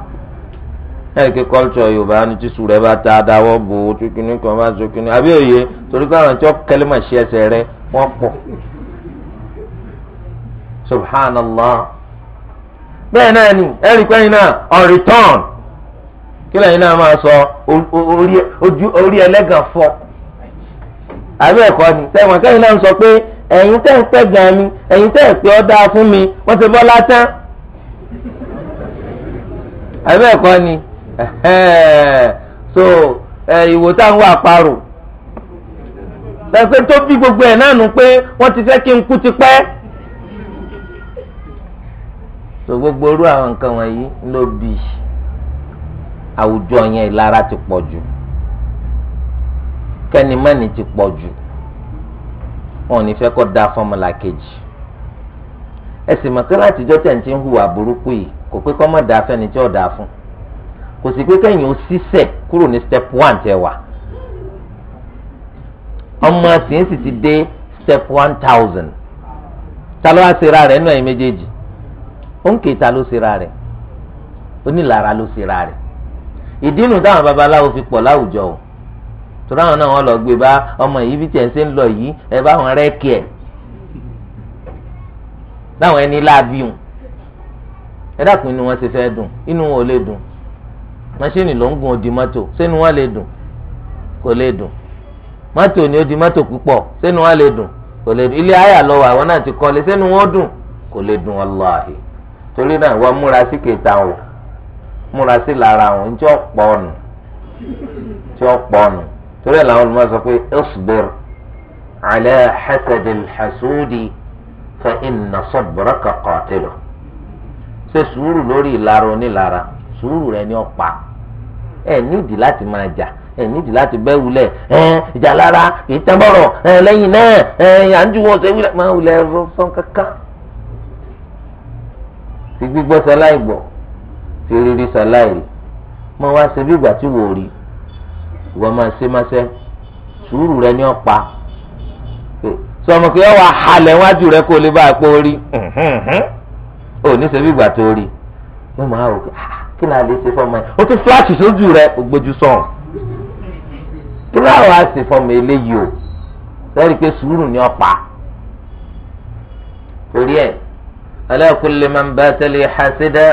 Speaker 1: ẹ̀ẹ́dẹ̀kẹ́ kọ́ltsọ̀ yorùbá ni tíṣù rẹ̀ bá ta dáwọ́ bò ó tó kíní kan bá tó kíní àbí òye torí káwọn ẹ̀ńtí ọ̀kẹ́lẹ́mọ̀ sí ẹsẹ̀ rẹ̀ wọ́n pọ̀ subhanallah. bẹ́ẹ̀ náà ni ẹ̀rí pẹ́yìn náà on return kí lẹ́yìn náà máa sọ orí ẹlẹ́gàn fọ́ àbí ẹ̀kọ́ ni sẹ́wọ̀n kẹ́yìn náà sọ pé ẹ̀yin tẹ́ ń pẹ́ gan mi ẹ̀yin tẹ́ ń pẹ́ ọ́ dáa fún mi wọ́n ti bọ́ látán àbí ẹ̀kọ́ ni so ìwò tá à ń wá àparò lẹ́sẹ̀ tó bí gbogbo ẹ̀ náà nù pé wọ́n ti fẹ́ kí n kú ti pẹ́. so gbogbo irú àwọn nǹkan wọ̀nyí ló bí àwùjọ yẹn ìlara ti pọ̀ jù kẹ́nìmọ́nì ti pọ̀ jù wọn ò ní fẹ́ kọ́ da fọ́mùlà kejì ẹ sì mọ̀ pé látijọ́ tẹ̀ ń ti ń hùwà burúkú yìí kò pé kọ́ mọ̀ dáa fẹ́ni tí ò dáa fún kò sì pé kẹ́yìn ó sísẹ̀ kúrò ní step one tẹ̀ wà ọmọ tìǹsì ti dé step one thousand ta ló wá ṣe ra rẹ̀ nù ẹ̀yìn méjèèjì òǹkè ta ló ṣera rẹ̀ onílara ló ṣera rẹ̀ ìdínú táwọn babaláwo fi pọ̀ láwùjọ o torí àwọn náà wọ́n lọ gbé bá ọmọ yìí bí tiẹ̀ ń yìí ẹ bá wọn rẹ́ẹ̀kì ẹ̀ láwọn ẹni ẹ dákun inú wọn ti fẹ́ dùn inú wọn ò lè dùn ló ń gun odi mọ́tò sínú wọn lè dùn kò lè dùn ni ó di mọ́tò púpọ̀ sínú wọn lè dùn kò lè dùn ilé ayà lọ wà wọn náà ti sínú wọn torí náà wọ́n múra sí kẹta o múra sí lára o njẹ́ ọ̀pọ̀ ọ̀nù njẹ́ ọ̀pọ̀ ọ̀nù torí ẹ̀ làwọn olùmọ̀ sọ pé isbir ala hasad alhasudi fa inna sabraka qatilu ṣe sùúrù lórí ìlara onílara sùúrù rẹ ni ó pa ẹ nídìí láti máa jà ẹ nídìí láti bẹ́ wulẹ̀ ẹ ìjà lára kì í lẹ́yìn náà ẹ àǹjúwọ̀ fi gbígbọ́ sáláì gbọ́ fi rírí sáláì rí mọ wá ṣe bí ìgbà tí wò ó rí ìwọ máa ṣe máṣẹ́ sùúrù rẹ ní ọ̀pá sọmọ kí wọ́n halẹ̀ wájú rẹ kó lè bá a pé ó rí ò ní ṣe bí ìgbà tó rí wọ́n máa rò ah, kí ni a lè ṣe fọmọ yẹn o tún fíláàṣì sójú rẹ o gbójú sọ̀hún kí ni àwọn àṣẹ fọmọ eléyìí o lẹ́rìí pé sùúrù ní ọ̀pá torí ẹ̀ ألا كل من بات لي حاسدا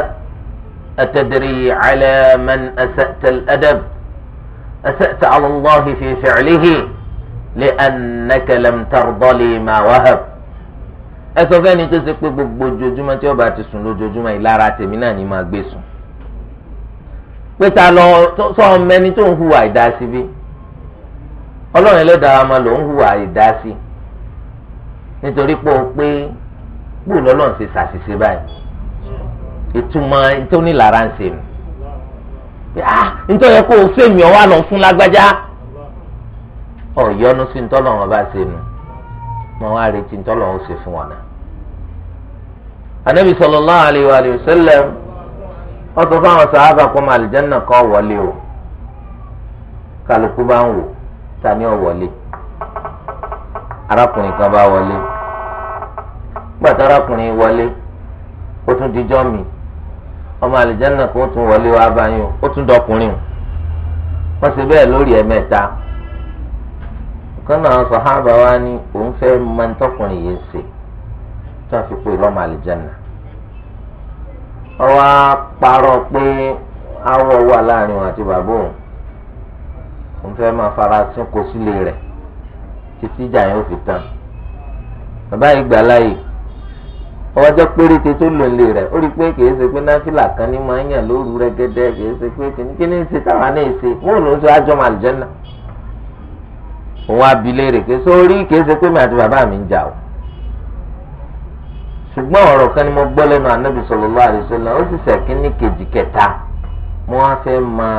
Speaker 1: atadri على من asa'ta الأدب adab على الله في فعله لأنك لم lam tarda li ma wahab. ẹ sọ fẹ́ni tó ṣe pé gbogbo ojoojúmọ́ tí ó bá ti sùn lójoojúmọ́ ìlara tèmi náà ni máa gbé sùn. pé ta lọ sọ mẹni tó ń hùwà ìdásí bí ọlọ́run ẹlẹ́dàá máa ló ń hùwà ìdásí nítorí pé o pé bó lọ́lọ́run ṣe ṣàṣìṣe báyìí ìtumọ̀ tó nílara ń ṣe mi ah nítorí kó o fẹ́mi ọ̀wá lọ fún lágbájá ọ̀yọ́nu sí ntọ́lọ́run ọba ṣe nu mo wá retí ntọ́lọ́run ṣe fún wọn náà. anabi sallallahu alayhi wa sallam wọ́n sọ fáwọn sàábà kó máa àlìjánná kan wọlé o kálukú bá ń wò ta ni ó wọlé arákùnrin kan bá wọlé. gbàtàràkùnrin wọlé ó tún dijọ́ mi ọmọ àlìjẹ́nà kò tún wọlé wá báyìí ó tún dọkùnrin wọ́n ṣe bẹ́ẹ̀ lórí ẹ̀mẹ́ta kọ́nà sọ̀hábà wa ní òun fẹ́ máa ń tọkùnrin yìí ṣe tó a fi pè lọ́mọ àlìjẹ́nà ọwọ́ parọ́ pé awọ wà láàrin òun àti bàbá ọjọ́ péréte tó lò lè rẹ̀ ó rí i pé kì í ṣe pé náfìlà kan ní máa ń yàn lóru rẹ gẹ́gẹ́ kì í ṣe pé kí ní ṣe táwa náà ṣe wọn ò lóun ṣe àjọ màlìjẹ́nà òun abilé rè pé sórí kì í ṣe pé mi àti bàbá mi ń jà o ṣùgbọ́n ọ̀rọ̀ kan ni mo gbọ́ lẹ́nu ànábì sallallahu alaihi wasallam ó sì ṣẹ̀kí ní kejì kẹta mo wá fẹ́ mọ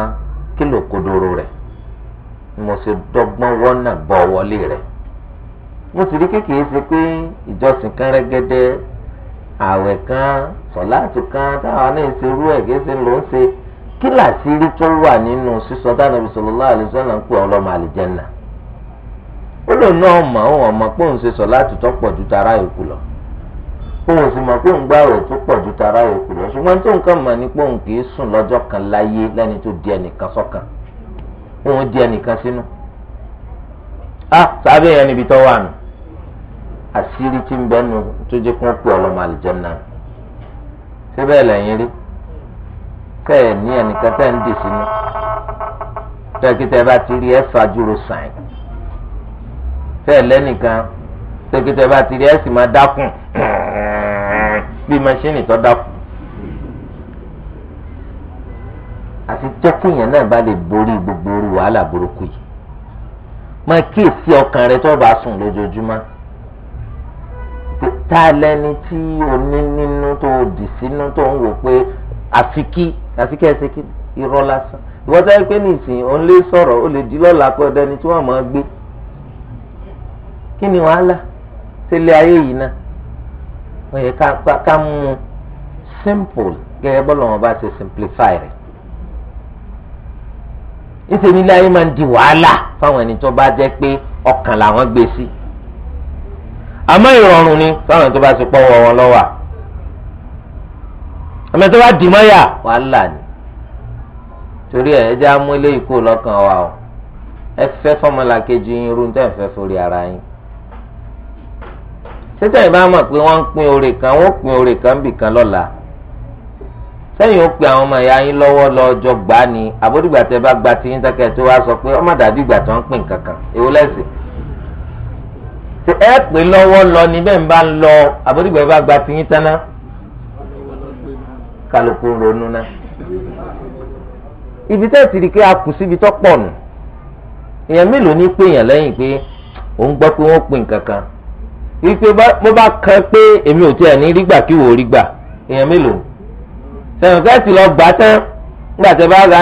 Speaker 1: kílò kodoro rẹ̀ mo ṣe dọ́gbọ́n wọ́nà bọ̀ wọlé rẹ̀ mo sì rí kékeré ṣe pé ìjọsìn kan rẹ́gẹ́dẹ́ àwẹ̀ kan sọ̀láàtù kan táwọn náà ń ṣe irú ẹ̀ kí ló ń ṣe tó wà nínú sísọ táwọn ibi sallallahu alaihi wasallam ń pè ọlọ́mọ àlìjẹ́nà ó lè ná ọmọ pé òun ṣe sọ̀láàtù tó pọ̀ ju tara yòókù lọ òun sì mọ̀ pé òun gbá rẹ̀ tó pọ̀ ju tara ṣùgbọ́n tó nǹkan mọ̀ ni pé òun kì í sùn lọ́jọ́ kan láyé lẹ́ni tó di ẹnìkan àṣírí tí ń bẹnu tó jẹ́ kó pè ọlọ́mọ àlìjẹ́nà síbẹ̀ lẹ́yìn rí tẹ́ ẹ̀ ní ẹnìkan tẹ́ ń dì sínú tẹ́ kí tẹ́ bá ti rí ẹ̀ fàjúrò sàn tẹ́ lẹ́nìkan tẹ́ kí tẹ́ bá ti rí ẹ̀ máa dákùn bí mẹ́ṣíìnì tó dákùn. àti jẹ́ kéèyàn náà bá lè borí gbogbo orí wàhálà burúkú yìí máa kíyèsí ọkàn rẹ tó bá sùn lójoojúmọ́ tá a lẹni tí o ní nínú tó o dì sínú tó ń wò pé àfikí àfikí ẹsẹ kí irọ́ lásán ìwọ táyé pé nìsín òun lè sọ̀rọ̀ ó lè di lọ́la pé ọ̀dọ̀ ẹni tí wọ́n máa gbé kí ni wàhálà tẹ́lẹ̀ ayé yìí náà wọ́n yẹ ká mú simple gẹ́gẹ́ bọ́lá wọn bá ṣe simplify rẹ̀ níṣẹ́ nílé ayé máa ń di wàhálà fáwọn ẹni tó bá jẹ́ pé ọkàn làwọn gbé sí àmọ́ ìrọ̀rùn ni fáwọn tó bá ti pọ́wọ́ wọn lọ́wọ́ àmọ́ tó bá dì mọ́yà wàhálà ni torí ẹ̀ ẹ jẹ́ amú eléyìí kúrò lọ́kàn wa o ẹ fẹ́ fọmọlà kejì yín irú tẹ́ ẹ fẹ́ sórí ara yín sẹ́tẹ̀ ìbá mọ̀ pé wọ́n ń pín oore kan wọ́n pín oore kan bì kan lọ́la sẹ́yìn ó pe àwọn ọmọ ìyá yín lọ́wọ́ lọ́jọ́ gbá ni àbódìgbà tẹ́ bá gba ti yín tẹ́kẹ̀ tó wá sọ pé ọmọ ìgbà tó ń pín kankan èwo lẹ́sìn ṣe ẹ pè lọ́wọ́ lọ ni bẹ́ẹ̀ ń bá ń lọ àbórígbà ẹ bá gba tiyín tán náà kálukú ronú náà ibi tẹ́ ti rí pé a kù síbi tó pọ̀ nù èèyàn mélòó ní pé èèyàn lẹ́yìn pé òun gbọ́ pé wọ́n pè nǹkan kan wípé bó bá kan pé èmi ò tiẹ̀ ní rígbà kí wò ó rígbà èèyàn mélòó sẹ̀yìn kẹ́sì lọ gbà tán nígbà tẹ́ bá ra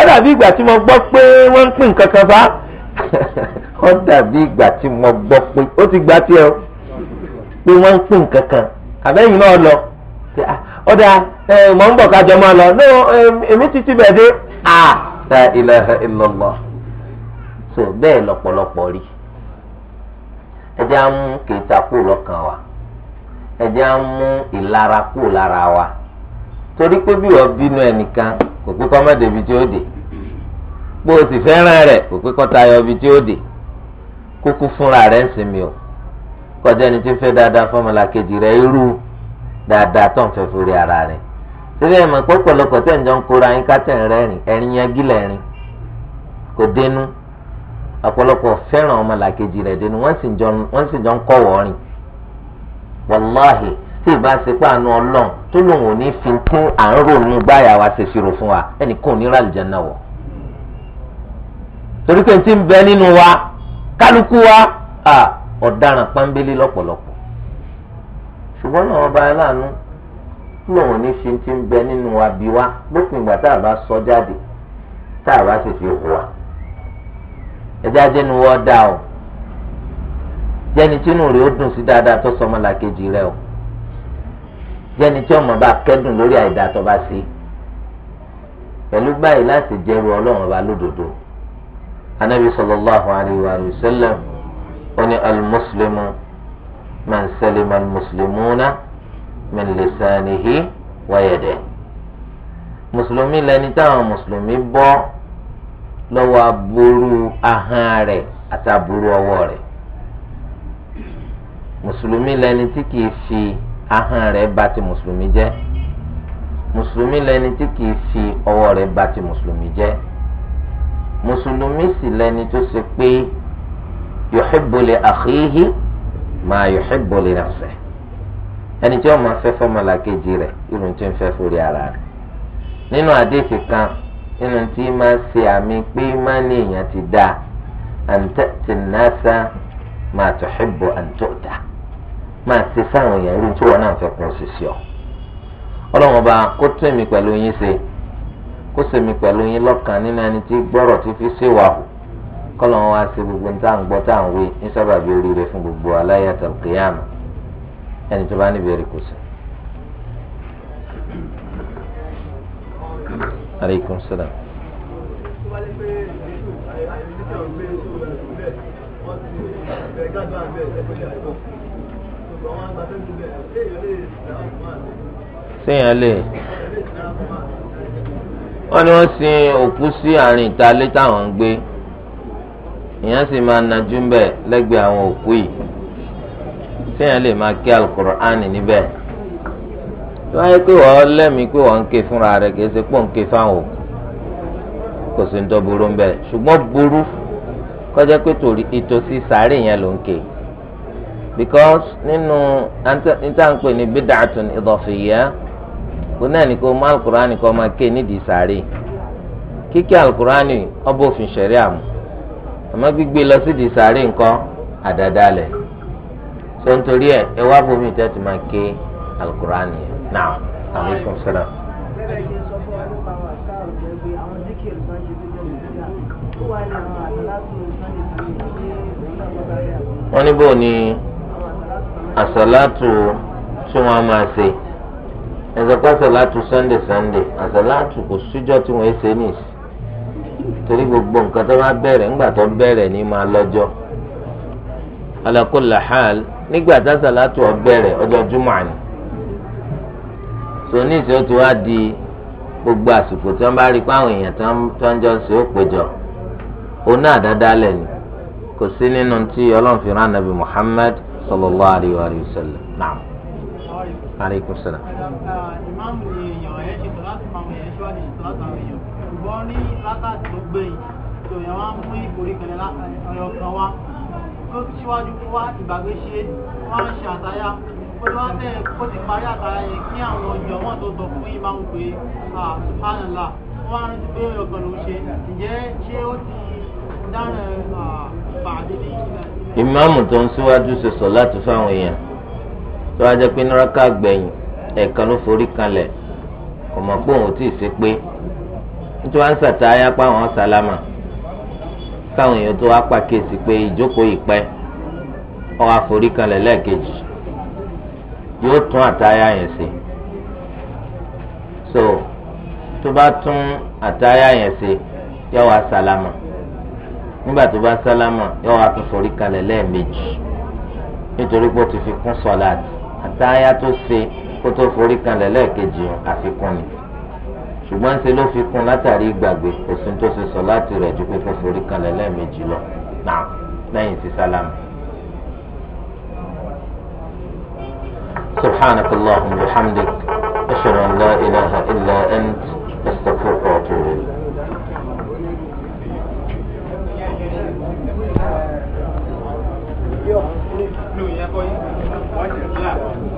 Speaker 1: ẹ̀ dàbí ìgbà tí mo gbọ́ pé wọ́n ń pè nǹkan kan fa ó dàbí ìgbà tí mo gbọ́ pé ó ti gba tiẹ̀ o pé wọ́n ń pín nǹkan kan àbẹ́yìn náà lọ ọ̀dà ah, mọ̀ ń bọ̀ kájọ máa lọ ní èmi ti ti bẹ̀ à ah, la ilaha so bẹ́ẹ̀ lọ́pọ̀lọpọ̀ rí ẹjẹ́ á mú kẹta kúrò lọ́kàn wa ẹjẹ́ á mú ìlara kúrò lára wa torí pé bí wọ́n bínú ẹnìkan kò pé kúkú fúnra rẹ̀ ń sinmi o kọjá ẹni tí ń fẹ́ dáadáa fọmọlá kejì rẹ̀ irú dáadáa tó ń fẹ́ fúri ara rẹ̀ síbẹ̀ mọ̀ pé pọ̀lọpọ̀ tẹ̀ ń jọ ń kóra yín kátẹ̀ ń rẹ́rìn ẹ̀rín yẹn gílẹ̀ rìn kò dénú ọ̀pọ̀lọpọ̀ fẹ́ràn ọmọlá kejì rẹ̀ dénú wọ́n sì jọ ń kọ̀wọ́ rìn wàláhì tí ìbá ṣe pàánù ọlọ́run tó lòun ò ní fi kún àárònú gbáyà wa ṣe ṣirò fún wa ẹnì kan ní rà náà wọ̀ torí pé tí ń bẹ nínú wa kálukú wa ọ̀daràn pọ́nbélé lọ́pọ̀lọpọ̀ ṣùgbọ́n náà ọba aláàánú lòun ní ṣe ti ń bẹ nínú abi wa lópin ìgbà tá a bá sọ jáde tá a bá sì fi hùwà ẹjẹ ajẹnu wọ́n dá o jẹni tínú rẹ̀ ó dùn sí dáadáa tó sọmọ làkejì rẹ̀ o jẹni tí ọmọ bá kẹ́dùn lórí àìdá tó bá sí pẹ̀lú báyìí láti jẹ́rù ọlọ́run ọba lódodo anabi sallallahu alayhi wa sallam wani almuslimu man salima almuslimuna min lisanihi wa yadihi mùsùlùmí lẹni táwọn mùsùlùmí bọ́ lọ́wọ́ aburú ahọ́n rẹ̀ àti aburú ọwọ́ rẹ̀ mùsùlùmí lẹni tí kìí fi ahọ́n rẹ̀ bà ti mùsùlùmí jẹ́ mùsùlùmí lẹni tí kìí fi ọwọ́ rẹ̀ bà ti mùsùlùmí jẹ́ mùsùlùmí sì lẹni tó ṣe pé yuhibbu li akhihi ma yuhibbu li nafsihi ẹni tí wọn máa fẹ́ fọmọlàkejì rẹ̀ irun tí ń fẹ́ fúri ara rẹ̀ nínú àdéhìí kan nínú tí máa ṣe àmì pé máa ní èèyàn ti dáa àǹtẹ̀tì náṣá máa tuhibbu àǹtọ̀tà máa ṣe sáwọn èèyàn irun tí wọn náà fẹ́ kún sí sí ọ ọlọ́wọ́n bá kó tún èmi pẹ̀lú yín ṣe kó sèmi pẹ̀lú yín lọ́kàn nínú ẹni tí gbọ́rọ̀ ti fi ṣèwà hù kọ́lọ̀ wọn wá sí gbogbo níta ń gbọ́ tá à ń wé ní sábàbí oríire fún gbogbo aláyà tàlùkìyàmù ẹni tó bá níbi èrè kò sí. aleykum salaam. wọ́n ní wọ́n sin òkú sí àárín ìta táwọn ń gbé sì mbẹ lẹ́gbẹ̀ẹ́ àwọn òkú yìí lè máa kí níbẹ̀ tí wọ́n yẹ pé wọ́n lẹ́mìí pé wọ́n ń ké fúnra rẹ̀ kì ṣe pọ̀ ń ké fáwọn òkú kò sí ń tọ́ burú mbẹ ṣùgbọ́n burú kọjá pé torí ìtòsí sàárè yẹn ló ń ké nínú níta pè ní bídàtún òun náà ní kó mú alukurani kó máa ké nídìí sáré kíkí alukurani ọba òfin ṣẹ̀ríà mu àmọ́ gbígbé lọ sí ìdìí sáré nǹkan àdàdàlẹ̀ tó ń torí ẹ̀ ẹ wá bómi tẹ́tù máa ké alukurani yẹn náà aleykum salaam. wọ́n ní bò ní àsálàtù tí wọ́n máa ṣe. ẹ̀sọ̀kọ́ sọ̀láàtù sunday sunday àsọ̀láàtù kò síjọ́ tí wọ́n ṣe nìyí torí gbogbo nǹkan tó bá bẹ̀rẹ̀ ńgbà tó bẹ̀rẹ̀ ní máa ala hal nígbà tá sọ̀láàtù ó bẹ̀rẹ̀ ọjọ́ júmọ̀ sọ ní ti wá di gbogbo àsìkò tí wọ́n bá rí páwọn èèyàn tó ń jọ ṣe ó péjọ òun náà dáadáa lẹ̀ ni kò sí nínú tí ọlọ́run fi rán Muhammad sallallahu alayhi wa sallam aleykum salaam. ìmáàmù èèyàn ẹ̀ ṣe sọ láti máa èèyàn ṣíwájú ṣe sọ láti máa èèyàn ṣùgbọ́n ní látàkì tó gbé yìí tó yẹn wá mú ìkórè kẹlẹ́ ọ̀yọ̀ kan wá tó ṣíwájú fún wa ìgbàgbé ṣe wọ́n á ṣe àtayá ó ti wá tẹ̀ ó ti parí àtayá yẹn kí àwọn ọjọ́ wọn tó sọ fún ìmáàmù pé àṣùpánàlà wọ́n á rántí pé ọ̀kan ló ṣe ǹjẹ́ ṣé ó ti dáná pàdé ní ìmáàmù tó ń síwájú ṣe sọ láti fáwọn èèyàn tó a jẹ́ pé níraka gbẹ̀yìn ẹ̀ẹ̀kan ló forí kanlẹ̀ kò mọ̀ pé òun ò tíì ṣe pé nítorí wọn ń pa àwọn sálámà káwọn èèyàn tó wá pàkíyèsí pé ìjókòó ìpẹ́ ọwọ́ àforí so tó bá tún àtáyà yẹn ṣe yóò wá sálámà nígbà tó bá sálámà yóò wá tún forí lẹ́ẹ̀mejì ti fi kún àtàyà tó ṣe kó tó forí kanlẹ̀ lẹ́ẹ̀kejì àfikún ni ṣùgbọ́n ṣe ló fi kún látàrí ìgbàgbé òsín tó ṣe sọ láti rẹ̀ ju pé kó forí kanlẹ̀ lẹ́ẹ̀mejì lọ náà lẹ́yìn sí sálámù. سبحانك اللهم وبحمدك أشهد أن لا إله إلا أنت أستغفرك وأتوب
Speaker 2: إليك Thank you.